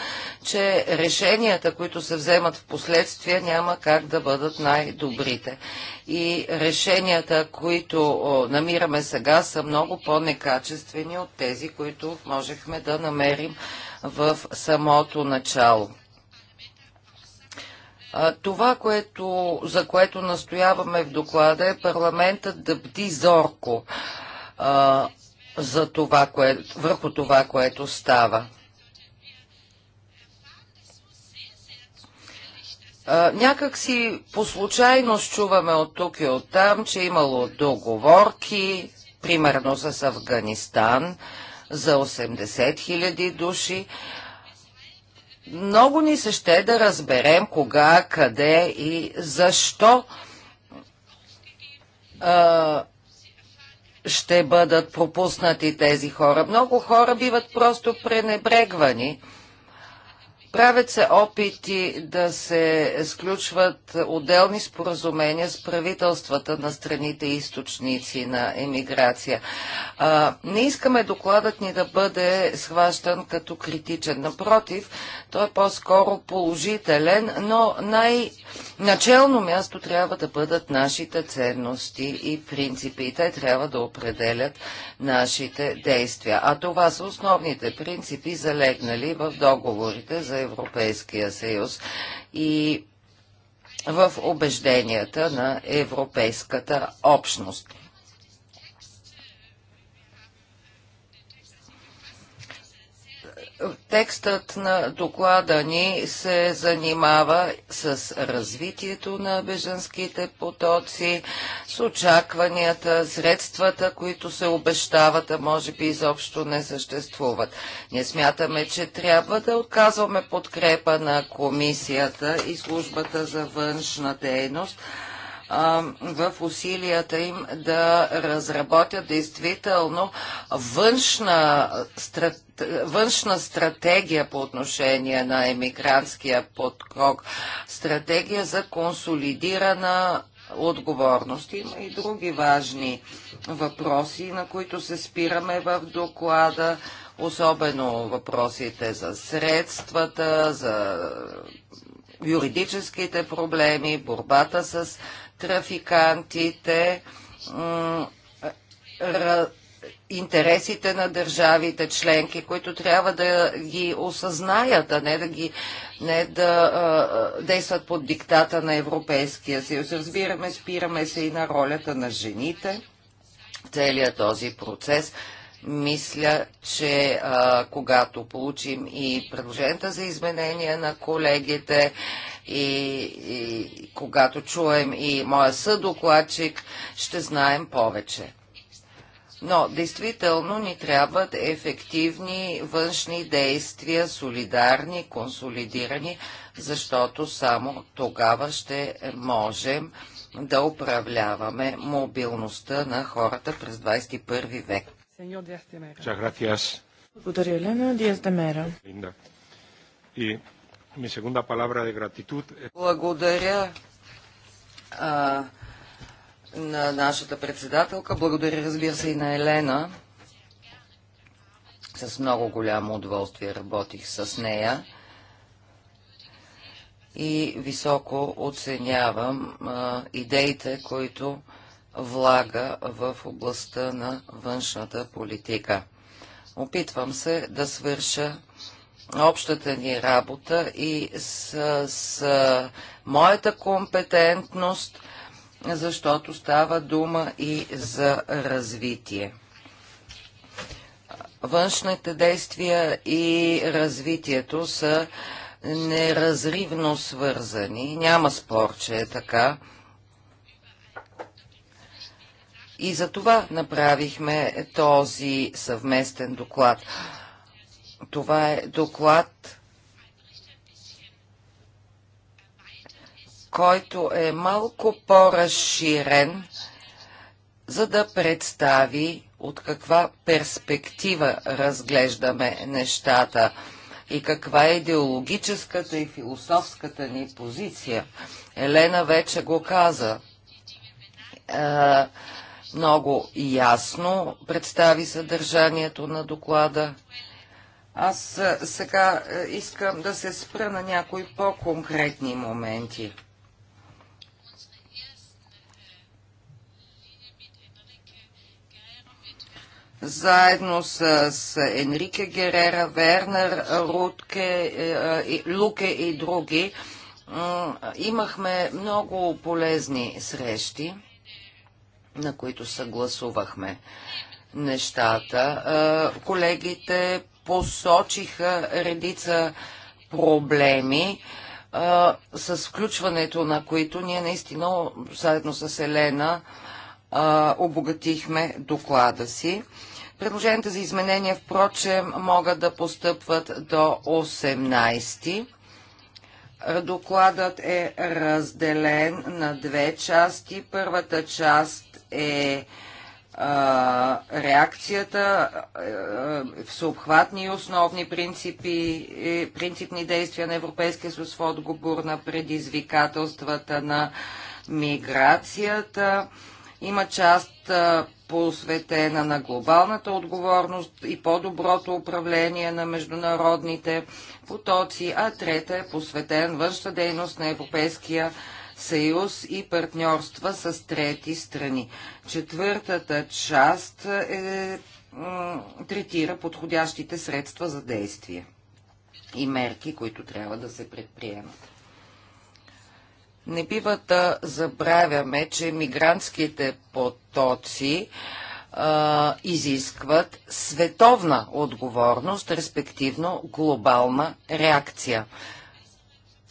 че решенията, които се вземат в последствие, няма как да бъдат най-добрите. И решенията, които о, намираме сега, са много по-некачествени от тези, които можехме да намерим в самото начало. Това, което, за което настояваме в доклада е парламентът да бди зорко а, за това, кое, върху това, което става. А, някак си по случайност чуваме от тук и от там, че имало договорки, примерно с Афганистан, за 80 000 души много ни се ще да разберем кога, къде и защо а, ще бъдат пропуснати тези хора. Много хора биват просто пренебрегвани. А, Правят се опити да се сключват отделни споразумения с правителствата на страните и източници на емиграция. А, не искаме докладът ни да бъде схващан като критичен. Напротив, той е по-скоро положителен, но най- начално място трябва да бъдат нашите ценности и принципи. те трябва да определят нашите действия. А това са основните принципи, залегнали в договорите за Европейския съюз и в убежденията на Европейската общност. Текстът на доклада ни се занимава с развитието на беженските потоци, с очакванията, средствата, които се обещават, а може би изобщо не съществуват. Ние смятаме, че трябва да отказваме подкрепа на комисията и службата за външна дейност, в усилията им да разработят действително външна, външна стратегия по отношение на емигрантския подкок, стратегия за консолидирана отговорност. Има и други важни въпроси, на които се спираме в доклада, особено въпросите за средствата, за юридическите проблеми, борбата с трафикантите, интересите на държавите членки, които трябва да ги осъзнаят, а не да, ги, не да а, действат под диктата на Европейския съюз. Разбираме, спираме се и на ролята на жените, целият този процес – мисля, че а, когато получим и предложенията за изменения на колегите и, и когато чуем и моя съдокладчик, ще знаем повече. Но действително ни трябват ефективни външни действия, солидарни, консолидирани, защото само тогава ще можем да управляваме мобилността на хората през 21 век. Сеньор Диас Демера. Благодаря, Елена. Диас Демера. Линда. И ми сегунда палабра де гратитуд. Благодаря а, на нашата председателка. Благодаря, разбира се, и на Елена. С много голямо удоволствие работих с нея и високо оценявам а, идеите, които влага в областта на външната политика. Опитвам се да свърша общата ни работа и с, с моята компетентност, защото става дума и за развитие. Външните действия и развитието са неразривно свързани. Няма спор, че е така. И за това направихме този съвместен доклад. Това е доклад, който е малко по-разширен, за да представи от каква перспектива разглеждаме нещата и каква е идеологическата и философската ни позиция. Елена вече го каза много ясно представи съдържанието на доклада. Аз сега искам да се спра на някои по-конкретни моменти. заедно с Енрике Герера, Вернер, Рутке, е, Луке и други, имахме много полезни срещи на които съгласувахме нещата. Колегите посочиха редица проблеми, с включването на които ние наистина, заедно с Елена, обогатихме доклада си. Предложенията за изменения, впрочем, могат да постъпват до 18. Докладът е разделен на две части. Първата част е а, реакцията, а, е, е, всеобхватни и основни принципи, е, принципни действия на Европейския съюз в отговор на предизвикателствата на миграцията. Има част а, посветена на глобалната отговорност и по-доброто управление на международните потоци, а трета е посветен външна дейност на Европейския съюз съюз и партньорства с трети страни. Четвъртата част е, третира подходящите средства за действие и мерки, които трябва да се предприемат. Не бива да забравяме, че мигрантските потоци изискват световна отговорност, респективно глобална реакция.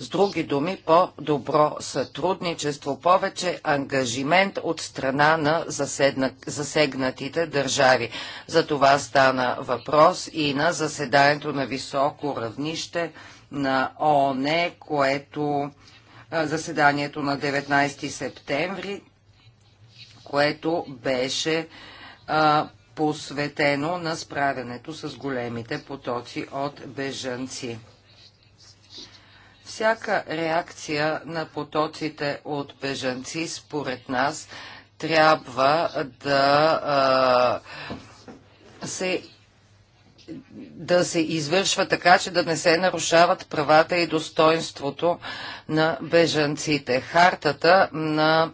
С други думи, по-добро сътрудничество, повече ангажимент от страна на засегнатите държави. За това стана въпрос и на заседанието на високо равнище на ООН, което заседанието на 19 септември, което беше а, посветено на справянето с големите потоци от бежанци. Всяка реакция на потоците от бежанци, според нас, трябва да а, се да се извършва така, че да не се нарушават правата и достоинството на бежанците. Хартата на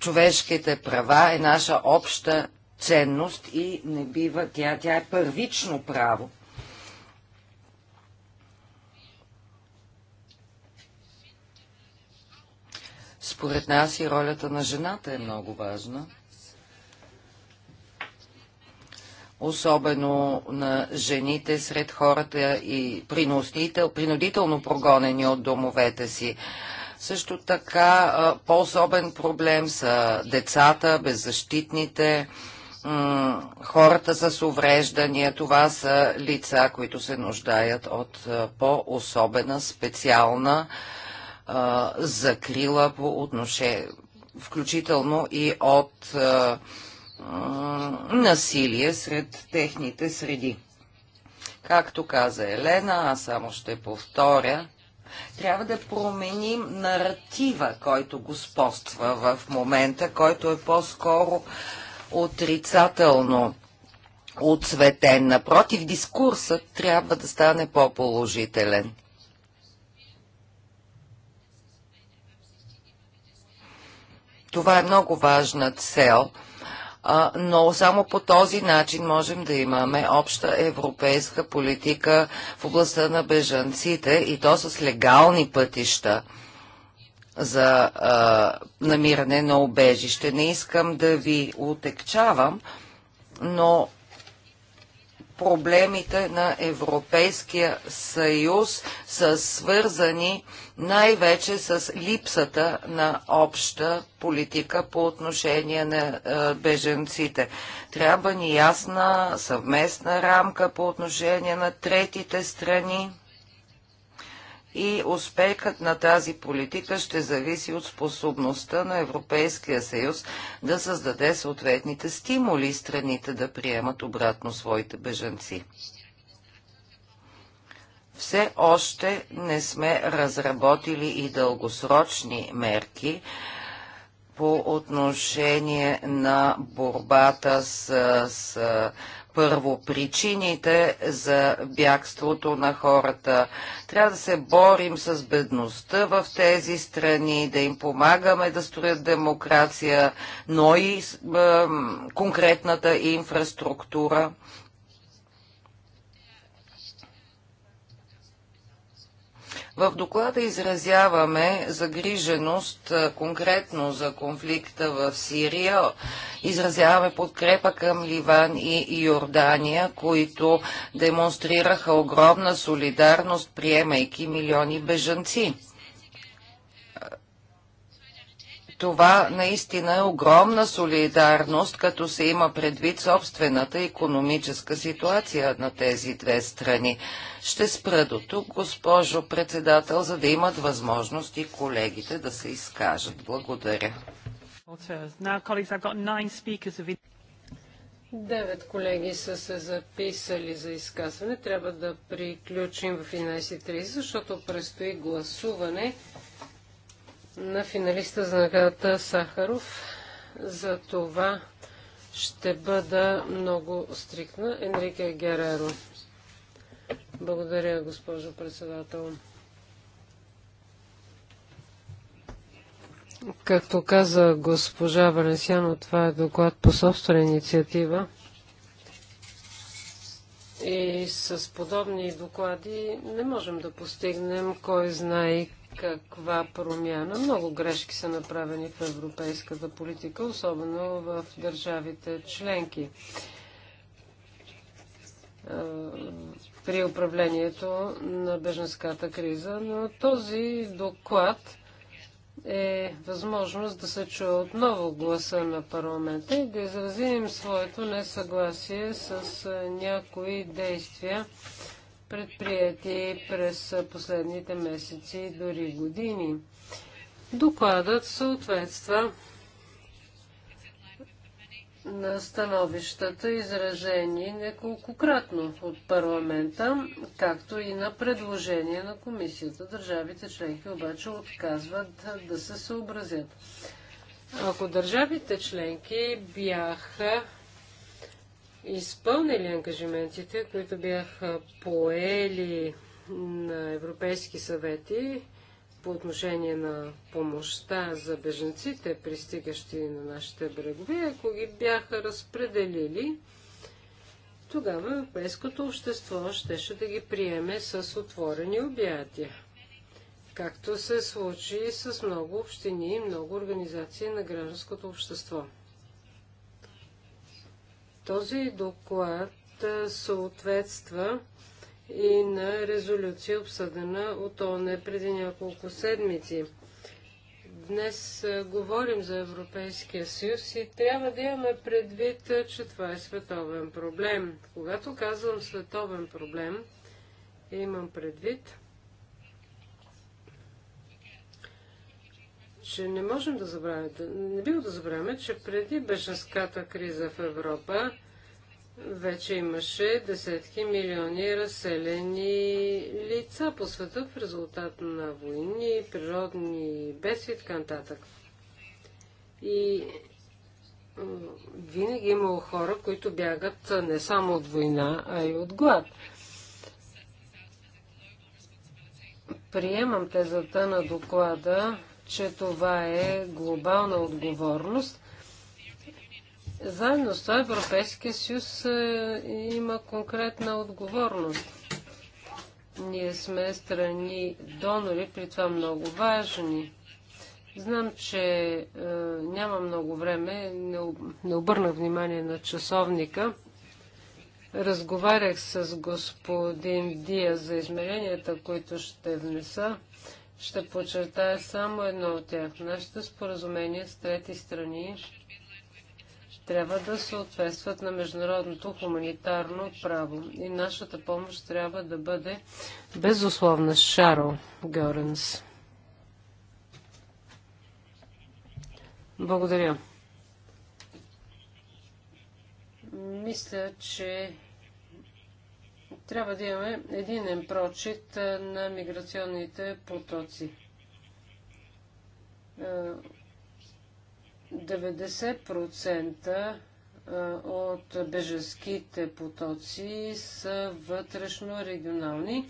човешките права е наша обща ценност и не бива, тя, тя е първично право. Според нас и ролята на жената е много важна. Особено на жените сред хората и принудително прогонени от домовете си. Също така по-особен проблем са децата, беззащитните, хората с увреждания. Това са лица, които се нуждаят от по-особена, специална а, закрила по отношение, включително и от а, насилие сред техните среди. Както каза Елена, аз само ще повторя, трябва да променим наратива, който господства в момента, който е по-скоро отрицателно отцветен. Напротив, дискурсът трябва да стане по-положителен. Това е много важна цел, но само по този начин можем да имаме обща европейска политика в областта на бежанците и то с легални пътища за а, намиране на обежище. Не искам да ви отекчавам, но проблемите на Европейския съюз са свързани най-вече с липсата на обща политика по отношение на е, беженците. Трябва ни ясна съвместна рамка по отношение на третите страни и успехът на тази политика ще зависи от способността на Европейския съюз да създаде съответните стимули страните да приемат обратно своите бежанци. Все още не сме разработили и дългосрочни мерки, по отношение на борбата с, с първо причините за бягството на хората. Трябва да се борим с бедността в тези страни, да им помагаме да строят демокрация, но и конкретната инфраструктура В доклада изразяваме загриженост конкретно за конфликта в Сирия. Изразяваме подкрепа към Ливан и Йордания, които демонстрираха огромна солидарност, приемайки милиони бежанци. Това наистина е огромна солидарност, като се има предвид собствената економическа ситуация на тези две страни. Ще спра до тук, госпожо председател, за да имат възможност и колегите да се изкажат. Благодаря. Девет колеги са се записали за изказване. Трябва да приключим в 11.30, защото предстои гласуване на финалиста за наградата Сахаров. За това ще бъда много стрикна. Енрике Гереро. Благодаря, госпожо председател. Както каза госпожа Валенсиано, това е доклад по собствена инициатива. И с подобни доклади не можем да постигнем кой знае каква промяна. Много грешки са направени в европейската политика, особено в държавите членки при управлението на беженската криза, но този доклад е възможност да се чуе отново гласа на парламента и да изразим своето несъгласие с някои действия предприяти през последните месеци и дори години. Докладът съответства на становищата, изражени неколкократно от парламента, както и на предложение на комисията. Държавите членки обаче отказват да се съобразят. Ако държавите членки бяха изпълнили ангажиментите, които бяха поели на европейски съвети по отношение на помощта за беженците, пристигащи на нашите брегове, ако ги бяха разпределили, тогава европейското общество щеше да ги приеме с отворени обятия. Както се случи с много общини и много организации на гражданското общество. Този доклад съответства и на резолюция, обсъдена от ОНЕ преди няколко седмици. Днес говорим за Европейския съюз и трябва да имаме предвид, че това е световен проблем. Когато казвам световен проблем, имам предвид, че не можем да забравяме, не бива да забравяме, че преди беженската криза в Европа вече имаше десетки милиони разселени лица по света в резултат на войни, природни бедствия и така нататък. И винаги е имало хора, които бягат не само от война, а и от глад. Приемам тезата на доклада че това е глобална отговорност. Заедно с това Европейския съюз е, има конкретна отговорност. Ние сме страни донори, при това много важни. Знам, че е, няма много време, не, не обърна внимание на часовника. Разговарях с господин Дия за измеренията, които ще внеса. Ще подчертая само едно от тях. Нашите споразумения с трети страни трябва да съответстват на международното хуманитарно право и нашата помощ трябва да бъде безусловна. Шаро Горенс. Благодаря. Мисля, че трябва да имаме единен прочит на миграционните потоци. 90% от бежанските потоци са вътрешно-регионални,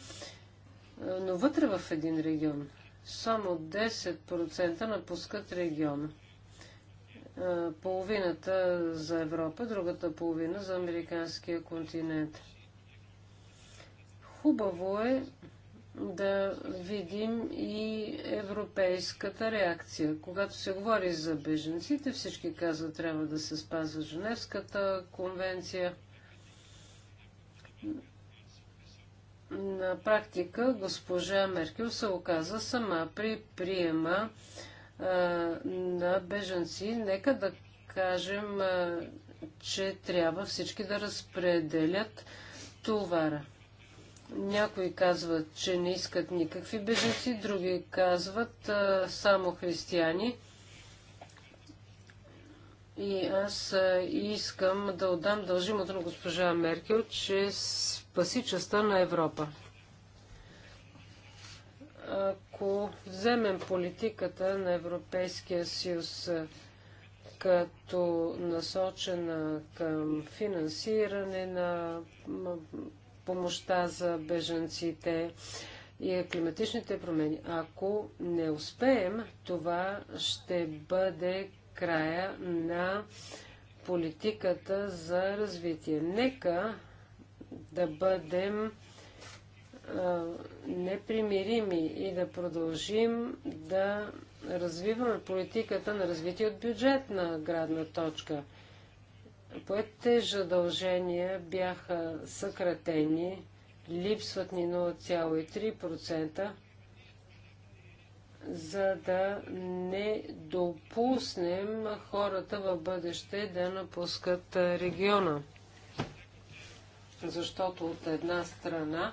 но вътре в един регион. Само 10% напускат региона. Половината за Европа, другата половина за американския континент. Хубаво е да видим и европейската реакция. Когато се говори за беженците, всички казват, трябва да се спазва Женевската конвенция. На практика госпожа Меркел се оказа сама при приема а, на беженци. Нека да кажем, а, че трябва всички да разпределят товара. Някои казват, че не искат никакви бежанци, други казват а, само християни. И аз искам да отдам дължимото на госпожа Меркел, че спаси частта на Европа. Ако вземем политиката на Европейския съюз като насочена към финансиране на помощта за бежанците и климатичните промени. Ако не успеем, това ще бъде края на политиката за развитие. Нека да бъдем а, непримирими и да продължим да развиваме политиката на развитие от бюджетна градна точка – Поетите задължения бяха съкратени, липсват ни 0,3%, за да не допуснем хората в бъдеще да напускат региона. Защото от една страна,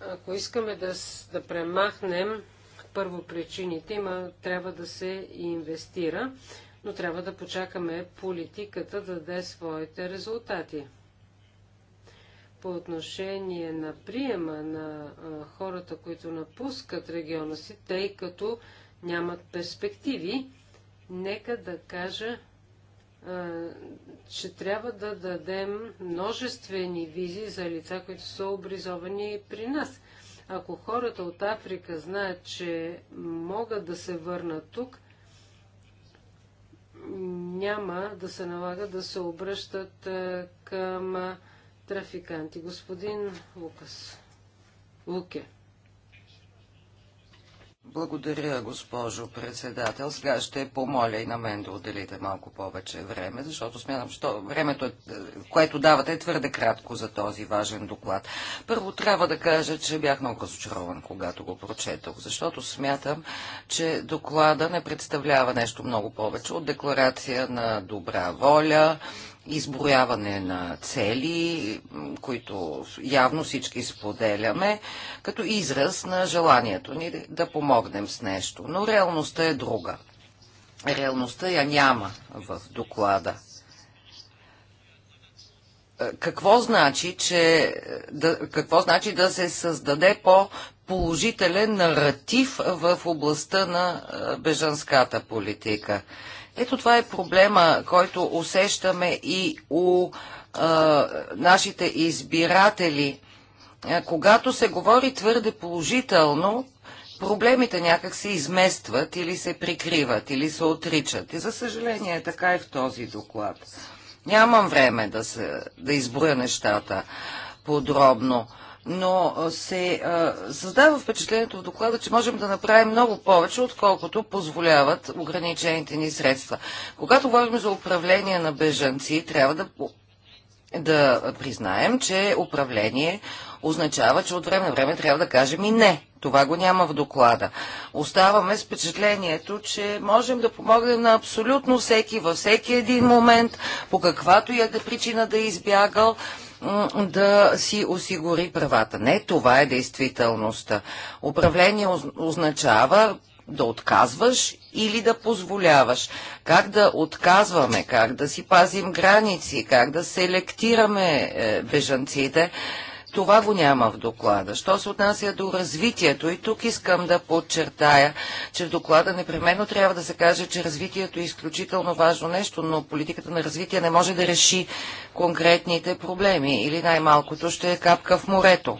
ако искаме да, да премахнем първо причините, има, трябва да се инвестира но трябва да почакаме политиката да даде своите резултати. По отношение на приема на хората, които напускат региона си, тъй като нямат перспективи, нека да кажа, че трябва да дадем множествени визи за лица, които са образовани при нас. Ако хората от Африка знаят, че могат да се върнат тук, няма да се налага да се обръщат е, към е, трафиканти. Господин Лукас. Луке. Благодаря, госпожо председател. Сега ще помоля и на мен да отделите малко повече време, защото смятам, че времето, е, което давате, е твърде кратко за този важен доклад. Първо трябва да кажа, че бях много разочарован, когато го прочетох, защото смятам, че доклада не представлява нещо много повече от декларация на добра воля, изброяване на цели, които явно всички споделяме, като израз на желанието ни да помогнем с нещо. Но реалността е друга. Реалността я няма в доклада. Какво значи, че, да, какво значи да се създаде по-положителен наратив в областта на бежанската политика? Ето това е проблема, който усещаме и у а, нашите избиратели. А, когато се говори твърде положително, проблемите някак се изместват или се прикриват, или се отричат. И за съжаление така е в този доклад. Нямам време да, се, да изброя нещата подробно но се създава впечатлението в доклада, че можем да направим много повече, отколкото позволяват ограничените ни средства. Когато говорим за управление на бежанци, трябва да да признаем, че управление означава, че от време на време трябва да кажем и не. Това го няма в доклада. Оставаме с впечатлението, че можем да помогнем на абсолютно всеки, във всеки един момент, по каквато и е причина да е избягал, да си осигури правата. Не, това е действителността. Управление означава да отказваш или да позволяваш. Как да отказваме, как да си пазим граници, как да селектираме е, бежанците това го няма в доклада. Що се отнася до развитието, и тук искам да подчертая, че в доклада непременно трябва да се каже, че развитието е изключително важно нещо, но политиката на развитие не може да реши конкретните проблеми или най-малкото ще е капка в морето.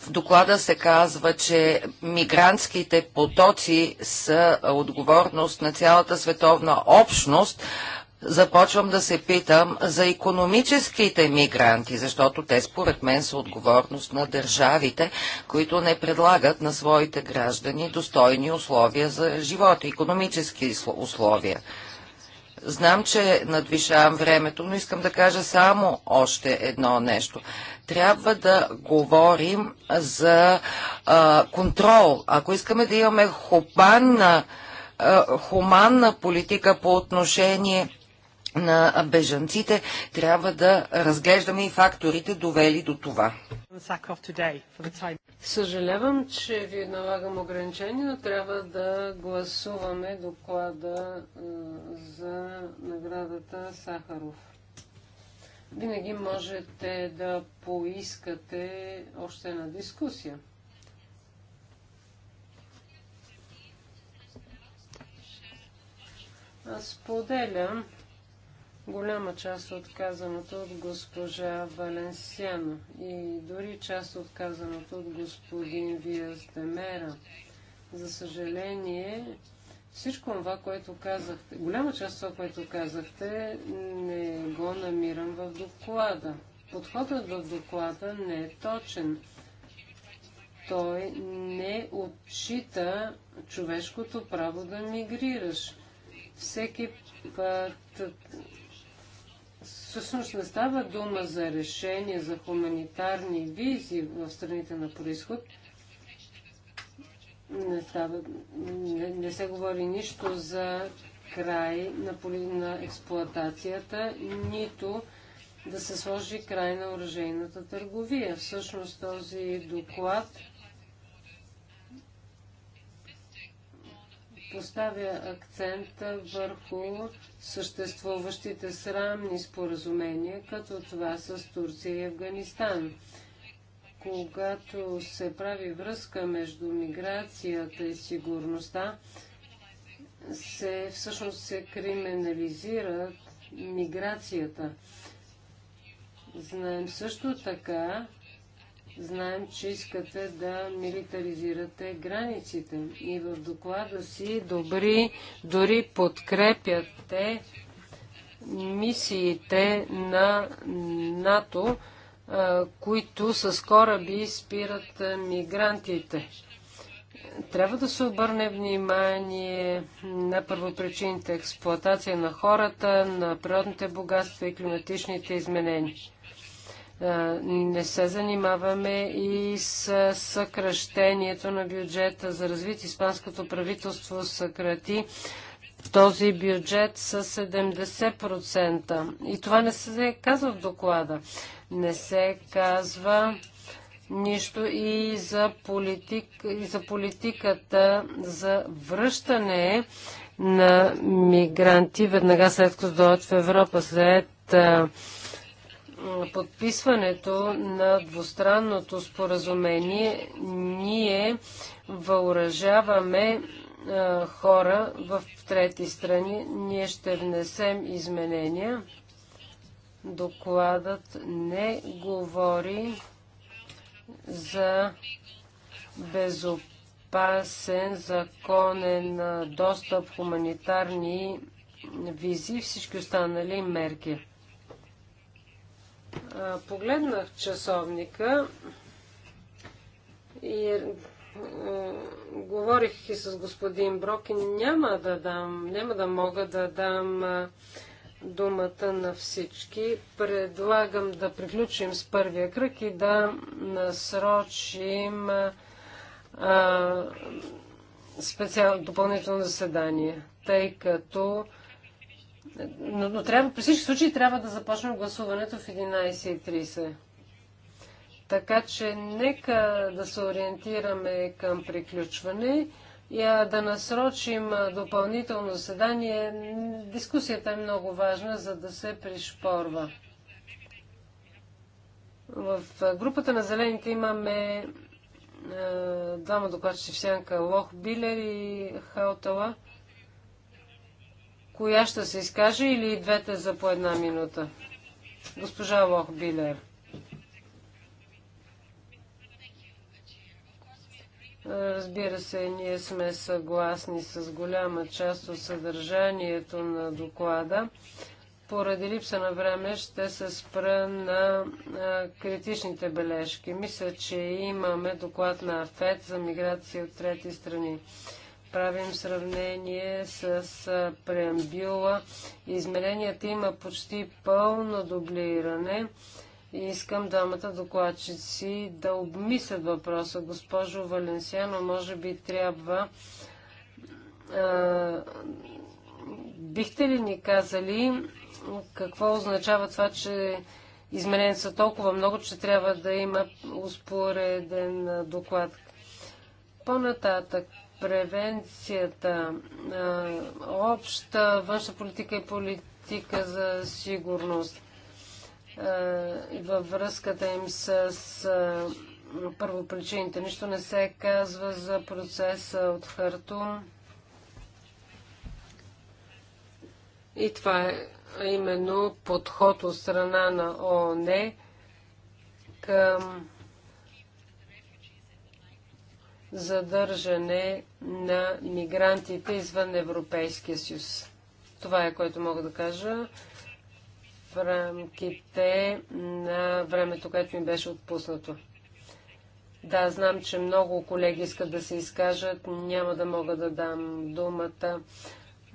В доклада се казва, че мигрантските потоци са отговорност на цялата световна общност, започвам да се питам за економическите мигранти, защото те според мен са отговорност на държавите, които не предлагат на своите граждани достойни условия за живота, економически условия. Знам, че надвишавам времето, но искам да кажа само още едно нещо. Трябва да говорим за а, контрол. Ако искаме да имаме хуманна, а, хуманна политика по отношение на бежанците, трябва да разглеждаме и факторите, довели до това. Съжалявам, че ви налагам ограничение, но трябва да гласуваме доклада за наградата Сахаров. Винаги можете да поискате още една дискусия. Аз поделям голяма част от казаното от госпожа Валенсиано и дори част от казаното от господин Виас Демера. За съжаление, всичко това, което казахте, голяма част от това, което казахте, не го намирам в доклада. Подходът в доклада не е точен. Той не отчита човешкото право да мигрираш. Всеки път Всъщност не става дума за решение за хуманитарни визи в страните на происход. Не, става, не, не се говори нищо за край на, на експлоатацията, нито да се сложи край на оръжейната търговия. Всъщност този доклад поставя акцент върху съществуващите срамни споразумения, като това с Турция и Афганистан. Когато се прави връзка между миграцията и сигурността, се, всъщност се криминализира миграцията. Знаем също така, Знаем, че искате да милитаризирате границите и в доклада си добри, дори подкрепяте мисиите на НАТО, които с кораби спират мигрантите. Трябва да се обърне внимание на първопричините експлоатация на хората, на природните богатства и климатичните изменения не се занимаваме и с съкръщението на бюджета за развитие. Испанското правителство съкрати този бюджет с 70%. И това не се казва в доклада. Не се казва нищо и за, политик, и за политиката за връщане на мигранти веднага след като дойдат в Европа, след подписването на двустранното споразумение ние въоръжаваме хора в трети страни. Ние ще внесем изменения. Докладът не говори за безопасен, законен достъп, хуманитарни визи и всички останали мерки погледнах часовника и е, е, говорих и с господин Брокин. няма да дам, няма да мога да дам думата на всички. Предлагам да приключим с първия кръг и да насрочим специално допълнително заседание, тъй като но, но трябва, при всички случаи трябва да започнем гласуването в 11.30. Така че нека да се ориентираме към приключване и да насрочим допълнително заседание. Дискусията е много важна, за да се пришпорва. В групата на зелените имаме е, двама докладчици в сянка Лох Билер и Халтала. Коя ще се изкаже или двете за по една минута? Госпожа Лох, Билер. Разбира се, ние сме съгласни с голяма част от съдържанието на доклада. Поради липса на време ще се спра на критичните бележки. Мисля, че имаме доклад на АФЕД за миграция от трети страни правим сравнение с преамбюла. измеренията има почти пълно дублиране. И искам двамата докладчици да обмислят въпроса. Госпожо Валенсиано, може би трябва. А, бихте ли ни казали какво означава това, че изменени са толкова много, че трябва да има успореден доклад? По-нататък, превенцията, обща външна политика и политика за сигурност във връзката им с първопричините. Нищо не се казва за процеса от Хартун. И това е именно подход от страна на ООН към задържане на мигрантите извън Европейския съюз. Това е което мога да кажа в рамките на времето, което ми беше отпуснато. Да, знам, че много колеги искат да се изкажат. Няма да мога да дам думата.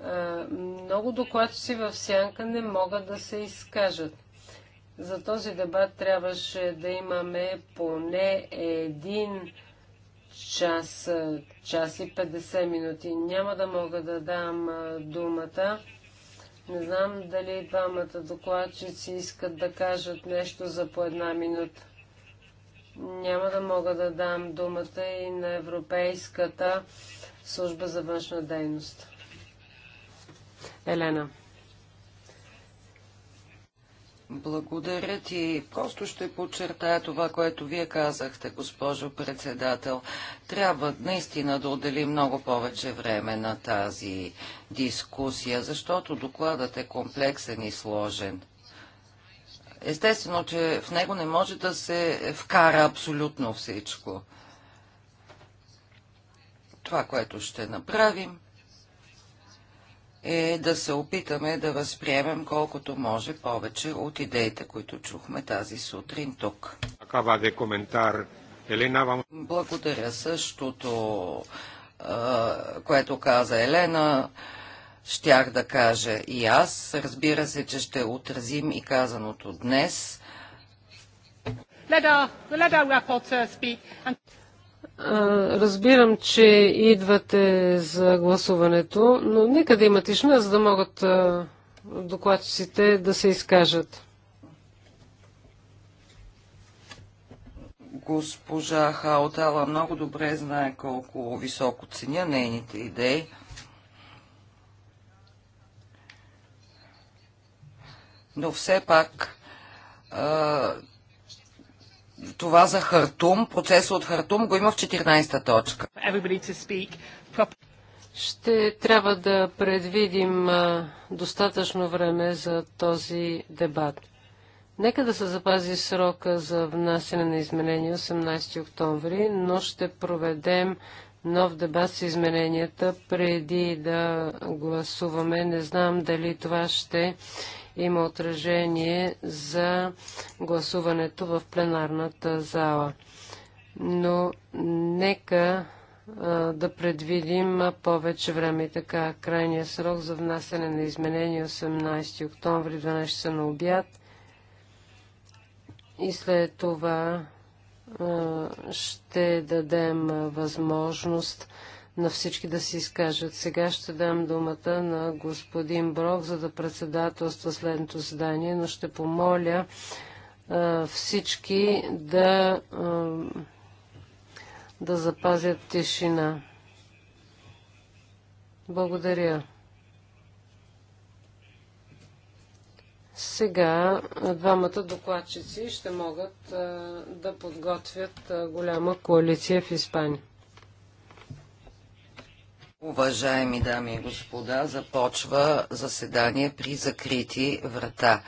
А, много си в сянка не могат да се изкажат. За този дебат трябваше да имаме поне един час, час и 50 минути. Няма да мога да дам думата. Не знам дали двамата докладчици искат да кажат нещо за по една минута. Няма да мога да дам думата и на Европейската служба за външна дейност. Елена. Благодаря ти. Просто ще подчертая това, което вие казахте, госпожо председател. Трябва наистина да отделим много повече време на тази дискусия, защото докладът е комплексен и сложен. Естествено, че в него не може да се вкара абсолютно всичко. Това, което ще направим, е да се опитаме да възприемем колкото може повече от идеите, които чухме тази сутрин тук. Благодаря същото, което каза Елена. Щях да кажа и аз. Разбира се, че ще отразим и казаното днес. Разбирам, че идвате за гласуването, но нека да има тишина, за да могат докладчиците да се изкажат. Госпожа Хаотала много добре знае колко високо ценя нейните идеи. Но все пак това за Хартум, процеса от Хартум го има в 14-та точка. Ще трябва да предвидим достатъчно време за този дебат. Нека да се запази срока за внасяне на изменения 18 октомври, но ще проведем нов дебат с измененията преди да гласуваме. Не знам дали това ще има отражение за гласуването в пленарната зала. Но нека да предвидим повече време и така. крайния срок за внасяне на изменения 18 е октомври 12 часа на обяд. И след това ще дадем възможност на всички да се изкажат. Сега ще дам думата на господин Брок, за да председателства следното задание, но ще помоля а, всички да, а, да запазят тишина. Благодаря. Сега двамата докладчици ще могат а, да подготвят а, голяма коалиция в Испания. Уважаеми дами и господа, започва заседание при закрити врата.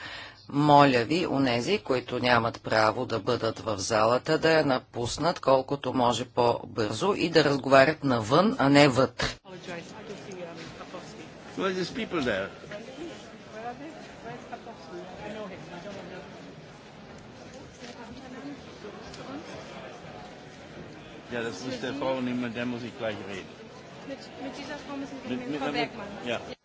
Моля ви, онези, които нямат право да бъдат в залата, да я напуснат колкото може по-бързо и да разговарят навън, а не вътре. Ja, das ist der Frau, der muss ich gleich reden mit, mit dieser Frau müssen wir mit, mit mit, mit, Ja.